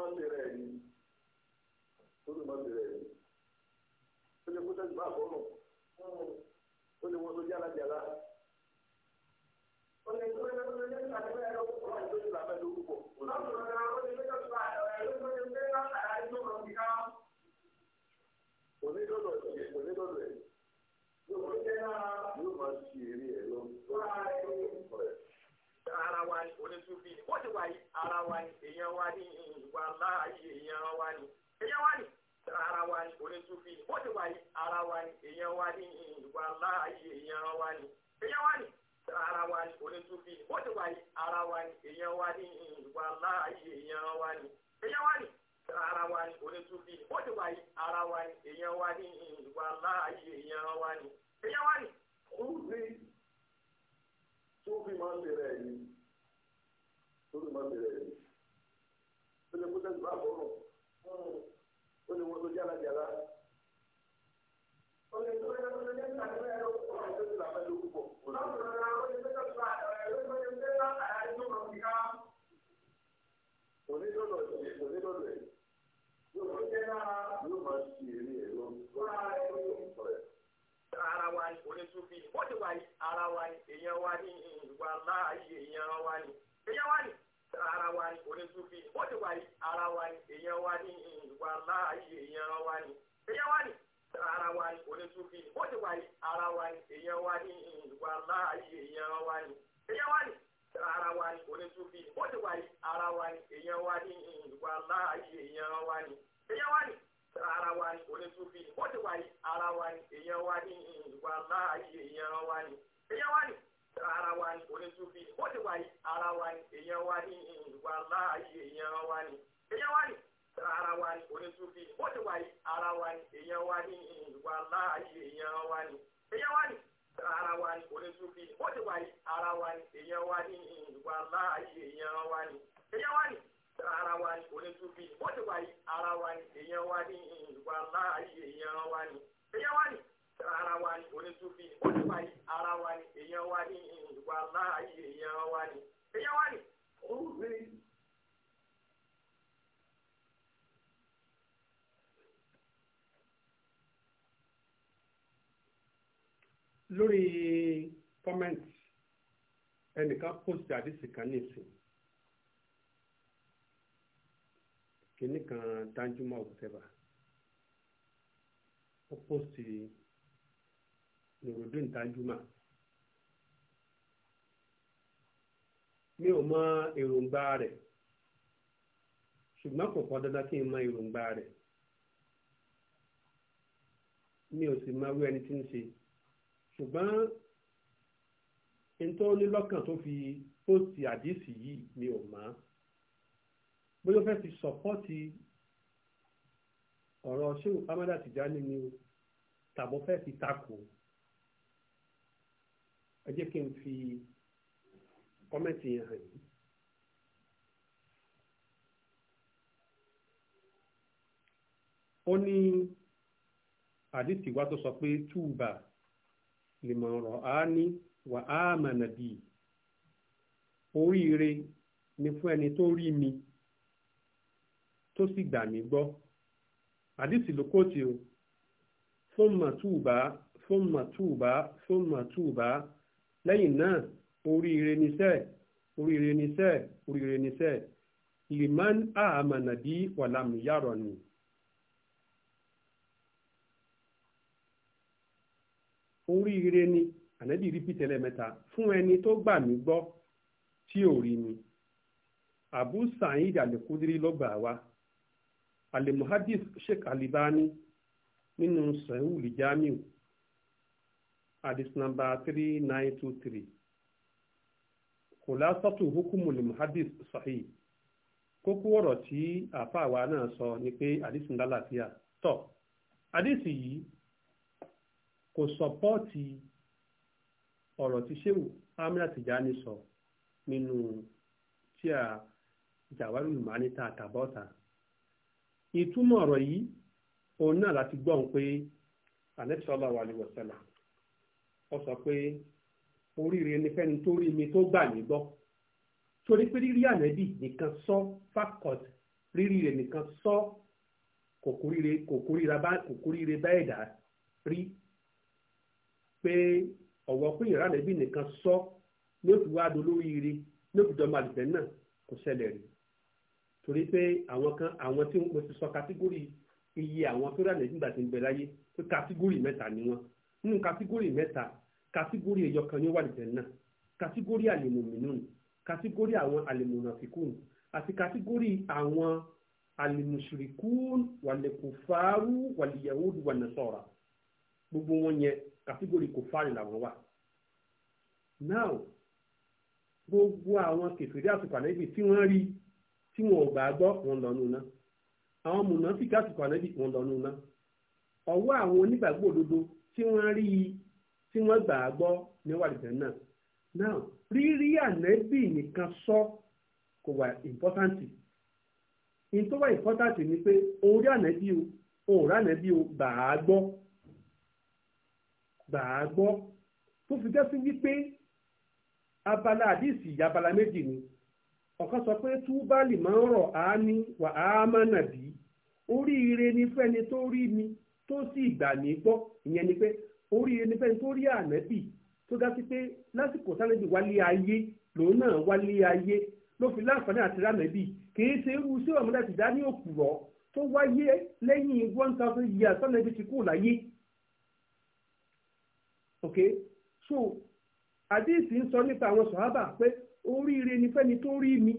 máa ń tẹ̀rẹ̀ ẹ̀yìn ó sì máa ń tẹ̀rẹ̀ ẹ̀yìn ó lè kó sẹ́sì bá àbọ̀nù ó lè wọ́n tó jálajàla. wa ni ara wa ni èèyàn wa ni ìwà láàyè èèyàn wa ni èèyàn wa ni ara wa ni onítúfi ni bóde wa ni ara wa ni èèyàn wa ni ìwà láàyè èèyàn wa ni èèyàn wa ni ara wa ni onítúfi ni bóde wa ni ara wa ni èèyàn wa ni ìwà láàyè èèyàn wa ni èèyàn wa ni ara wa ni onítúfi ni bóde wa ni ara wa ni èèyàn wa ni ìwà láàyè èèyàn wa ni èèyàn wa ni. Túnfì Túnfì máa ń lè yìí lórí ìmọ̀bìrẹ̀ rẹ̀ ó lè kó sẹ́sì bá bọ̀rọ̀ ó lè wọ́n tó jára jára. ó lè tó yẹ kó lè ní ìtàkùn ẹ̀rọ púpọ̀ ó lè tó làbẹ́ ló púpọ̀. lọ́sọ̀rọ̀ náà ó lè tó sẹ́sì bá ẹ̀rọ ó lè tó sẹ́sì bá ẹ̀rọ tó rọ̀ kíkà. onídọ̀dọ̀ ẹ̀ onídọ̀dọ̀ ẹ̀ yóò máa ṣe eré ẹ̀ lọ ara wa ni onisufi wọ́n ti wà ní ara wa ni èèyàn wa ni ìwà láàyè èèyàn wa ni èèyàn wa ni ara wa ni onísùfì wọ́n ti wà yí ara wa ni èèyàn wa ni ìwà láàyè èèyàn wa ni èèyàn wa ni ara wa ni onísùfì wọ́n ti wà yí ara wa ni èèyàn wa ni ìwà èèyàn wa ni èèyàn wa ni ara wa ni onísùfì wọ́n ti wà yí ara wa ni èèyàn wa ni ìwà èèyàn wa ni èèyàn wa ni ara wa ni onísùfì wọ́n ti wà yí ara wa ni èèyàn wa ni ìwà èèyàn wa ni èèyàn wa ni ara wa ni onísùfì wọ́n ti wà yí ara wa ni èèyàn wa ni ìwà láàyè èèyàn wa ni èèyàn wa ni ara wa ni onísùfì wọ́n ti wà yí ara wa ni èèyàn wa ni ìwà láàyè èèyàn wa ni èèyàn wa ni ara wa ni onísùfì wọ́n ti wà yí ara wa ni èèyàn wa ni ìwà láàyè èèyàn wa ni èèyàn wa ni ara wa ni onísùfì wọ́n ti wà ara wa ni èèyàn wa ni ìwà láàyè èèyàn wa ni èèyàn wa ni ara wa ni onítúbí onípa yìí ara wa ni èèyàn wa ni ìwà láàyè èèyàn wa ni èèyàn wa ni. lórí kọ́mẹ́ǹtì ẹnìkan post àdìsí kan ní ìsìn kìnnìkan Danjuma òkútẹ́bà ó post yìí nùrùdín tajúmà mi ò mọ èròǹgbà rẹ̀ ṣùgbọ́n kò pọ̀ dandan kí n mọ èròǹgbà rẹ̀ mi ò sì máa wí ẹni tí ń ṣe ṣùgbọ́n n tó ní lọ́kàn tó fi póòtì àdísì yìí mi ò mọ̀ bóyá ó fẹ́ fi sọ́pọ́ọ̀tì ọ̀rọ̀ ṣé Ahmada Tijani ni o tàbó fẹ́ fi takò o ẹ jẹ́ kí n fi kọ́mẹ́ǹtì yẹn hàn yín. ó ní àdìsí wa tó sọ pé túùbà lèmọ̀ á ní wà á mànà bíi oríire ni fún ẹni tó rí mi tó sì gbà mí gbọ́ àdìsí ló kóòtì o fún màtúùbá fún màtúùbá fún màtúùbá lẹ́yìn náà oríire níṣẹ́ oríire níṣẹ́ oríire níṣẹ́ liman amanabi wàlámù yàrá ni. oríire ni ànábì rípìtì ẹlẹ́mẹ́ta fún ẹni tó gbà mí gbọ́ tí ò rí mi abu sa'id alikudiri ló gbà wá alimuhadis sheikh alibani nínú sahihul jamiu hadith number three nine two three kòlásọ́tù hukumu lè muhadith sahih kókó ọ̀rọ̀ tí àfa wa náà sọ ni pé hadith ńlá làfíà tọ̀ hadith yìí kò sọpọ́ọ̀tì ọ̀rọ̀ tí Shehu Amina Tijani sọ nínú tí a jàwárù màání ta àtàbọ́ta ìtumọ̀ ọ̀rọ̀ yìí òun náà láti gbọ́n pé àlẹ́ sọ́lá wa ni wọ́n ó sọ pé oríire ni fẹ́ni tó rí mi tó gbà mí gbọ́ torí pé rírí ànábì nìkan sọ fákọt rírí rẹ̀ nìkan sọ kò kórìíra bá ẹ̀dá rí pé ọ̀wọ́ pé ìran ànábì nìkan sọ ní òtún wá dolóríire ní òtún dọ́mọ àlùfẹ́ náà kò ṣẹlẹ̀ rí torí pé àwọn kan àwọn tí mo ti sọ kátígórì iye àwọn tó rà nígbà tí láyé pé kátígórì mẹ́ta ni wọ́n nínú kátígórì mẹ́ta kàtígórì ẹ̀yọ kan ní wàlìjẹ́ náà kàtígórì àlèmùmínú kàtígórì àwọn àlèmùnàfikún àti kàtígórì àwọn àlèmùsùrìkún wàlẹ̀kùfàárù wàlìyàwódù wànàsọ̀rà gbogbo wọn yẹn kàtígórì kòfàárì làwọn wà. now gbogbo àwọn kẹfìrí àsìkò ànábì tí wọ́n rí tí wọn ò gbà gbọ́ wọn lọ́nu náà àwọn mùnàfíkì àsìkò ànábì wọn lọ́nu náà ọwọ́ àwọn onígbàgbọ́ òdodo tí wọ́n rí i tí wọ́n gbà á gbọ́ ní wàlìjẹ́ náà now rírí ànẹ́bì nìkan sọ kò wà important in tó wà important ni pé òun rí ànẹ́bì o òun rí ànẹ́bì o gbà á gbọ́ gbà á gbọ́ tó fi jẹ́ sí wípé abala àdìsí abala méjì ni ọ̀kan sọ pé túbálì máa ń rọ̀ á ní wà á má nàbí oríire ni fẹ́ni tó rí mi tó sì gbà mí gbọ́ ìyẹn ni pé oríire ní fẹ́ni tó rí ànábì tó dá sí pé lásìkò sálẹ́bì wálé ayé lòun náà wálé ayé ló fi láǹfààní àti ránàbì kì í ṣe irú sí ọ̀mọdé ti dá ní òpùrọ̀ tó wáyé lẹ́yìn one thousand years sálẹ́bì ti kú láyé. ok so àdéhìsì ń sọ nípa àwọn sọ̀hábà pé oríire ní fẹ́ni tó rí mi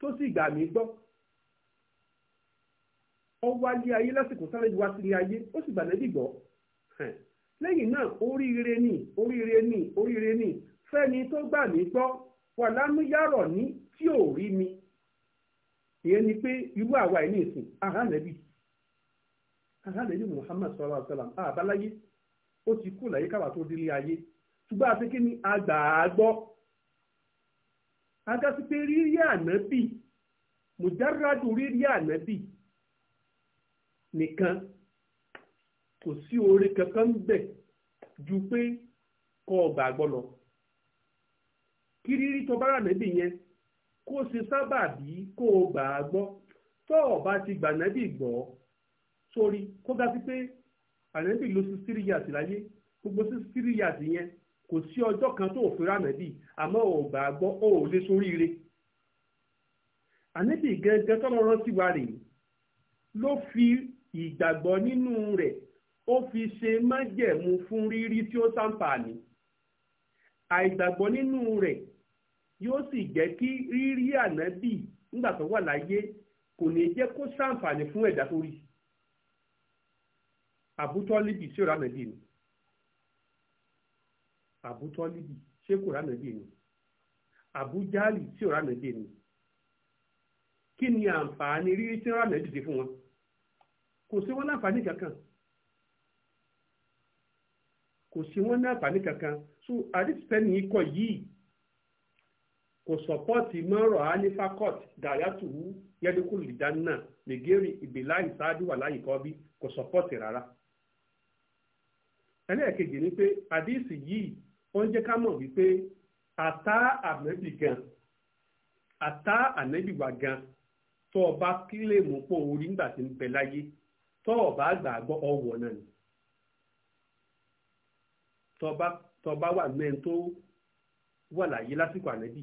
tó sì gbà mí gbọ́ wálé ayé lásìkò sálẹ́bì wá sí ayé ó sì gbà lẹ́yìn náà oríire ni oríire ni oríire ni fẹ́ni tó gbà mí gbọ́ wà lámúyárọ̀ ní tí ò rí mi ìyẹn ni pé irú àwa ẹ̀ ní ìsìn ahánẹ́bí ahánẹ́bí Muhammad sallallahu alayhi wa sallam àbáláyé ó ti kú láyé káwà tó délé ayé ṣùgbọ́n àti kí ni agbàgbọ́ agasi pé rírí ànábì mùjárádù rírí ànábì nìkan kò sí oore kankan bẹ̀ ju pé kọ́ ọgbà àgbọ̀ lọ kírírí tó bá rà nẹ́bì yẹn kó ṣe sábà bí kó o gbà á gbọ́ tó o bá ti gbà nẹ́bì gbọ́ sórí kó ga sí pé ànẹ́bì ló sí three years láyé gbogbo sí three years yẹn kò sí ọjọ́ kan tó fi rà nẹ́bì àmọ́ o gbà o ò lè soríire ànẹ́bì gẹ́gẹ́ tọ́lọ́rọ́ sí wa rèé ló fi ìgbàgbọ́ nínú rẹ̀ ó fi ṣe májẹ̀mú fún rírí tí ó ṣàǹfààní àìgbàgbọ́ nínú rẹ̀ yóò sì jẹ́ kí rírí ànábì nígbà tó wà láyé kò ní jẹ́ kó ṣàǹfààní fún ẹ̀dá tó rí àbútọ́líbì sí òrànàbì ni àbútọ́líbì ṣé kò rànàbì ni àbújáàlì sí òrànàbì ni kí ni àǹfààní rírí tí òrànàbì ti fún wọn kò sí wọn láǹfààní kankan kò sí wọn ní àǹfààní kankan so àdìsítẹ́nì ikọ̀ yìí kò sọ̀pọ́ọ̀tì mọ́rọ̀ hanifa court dayatu yẹ́dínkù lìdánná nìgérí ìbíláì sáájú wà láyé kọ́ bí kò sọ̀pọ́ọ̀tì rárá. ẹlẹ́ẹ̀kejì ni pé àdìsí yìí ó ń jẹ́ ká mọ̀ wípé àtá ànábì gan àtá ànábì wà gan tó o kílèmù pò ńgbà tí ń bẹ láyé tó o bá gbàgbọ́ ọ̀wọ̀ náà ni tọba tọba wà mẹ́rin tó wà láyé lásìkò ànẹ́bì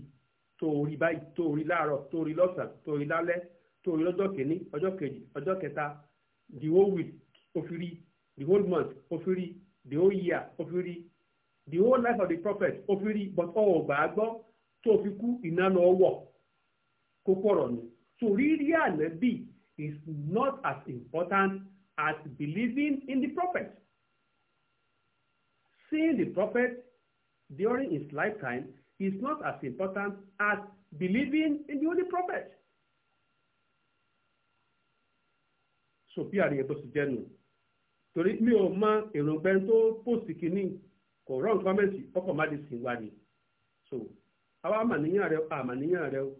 tó rí báyìí tó rí láàárọ̀ tó rí lọ́sàn-án tó rí lálẹ́ tó rí lọ́jọ́ kìíní ọjọ́ kejì ọjọ́ kẹta the whole week ó the whole month ó the whole year ó the whole life of the prophet ó but ọ̀ gbà á gbọ́ tó fi kú iná lọ wọ̀ kókó ọ̀rọ̀ so rírí ànẹ́bì is not as important as believing in the prophet. Seeing the prophet during his lifetime is not as important as believing in the only prophet. So bí àríyàn bó ṣe jẹ́ nù torí mi ò mọ èròǹgbà ẹni tó pòsì kínní kò rán gọ́ọ̀mẹ̀ntì ọkọ̀ má di sìn wá ni so àwa àmàníyàn rẹ àmàníyàn rẹ o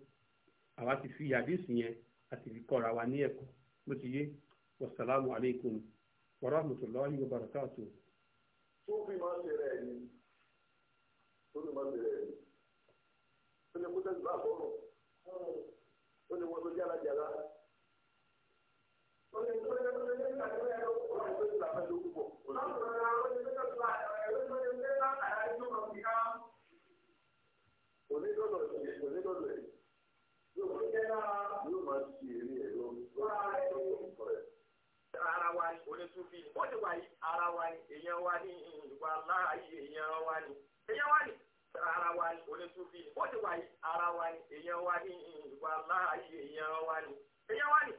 àwa ti fi àdìsí yẹn àti fi kọ́ra wa ní ẹ̀kọ́ mo ti yé wasalaamu alaykum wa rahmatulahi wa barakatuh tó fi máa ṣe rẹ̀ ni tó fi máa ṣe rẹ̀ ni ó ní kó tẹ̀sí bá sọ̀rọ̀ ó ní wọn tó jára jára ó ní kó tẹ̀sí bá sọ̀rọ̀. onítúbí ó ní wàyí ara wa ni èèyàn wa ni ìwà láàyè èèyàn wa ni èèyàn wa ni ara wa ni onítúbí ó ní wàyí ara wa ni èèyàn wa ni ìwà láàyè èèyàn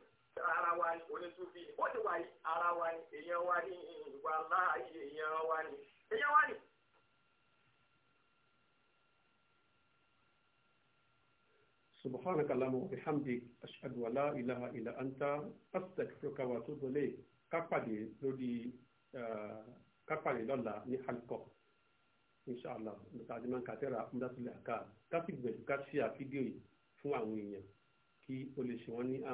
ara wa ni onítúbí ó ní ara wa ni èèyàn wa ni ìwà láàyè èèyàn سبحانك اللهم وبحمدك أشهد أن لا إله إلا أنت أستغفرك وأتوب إليك ká pàdé lórí ká pàdé lọ́la ní halkọ́ inshàlá mùsàlùmá kàtẹ́rà ọmọdásílẹ̀ àká ká sì gbẹ̀dú ká ṣíà fídíò yìí fún àwọn èèyàn kí o lè ṣe wọ́n ní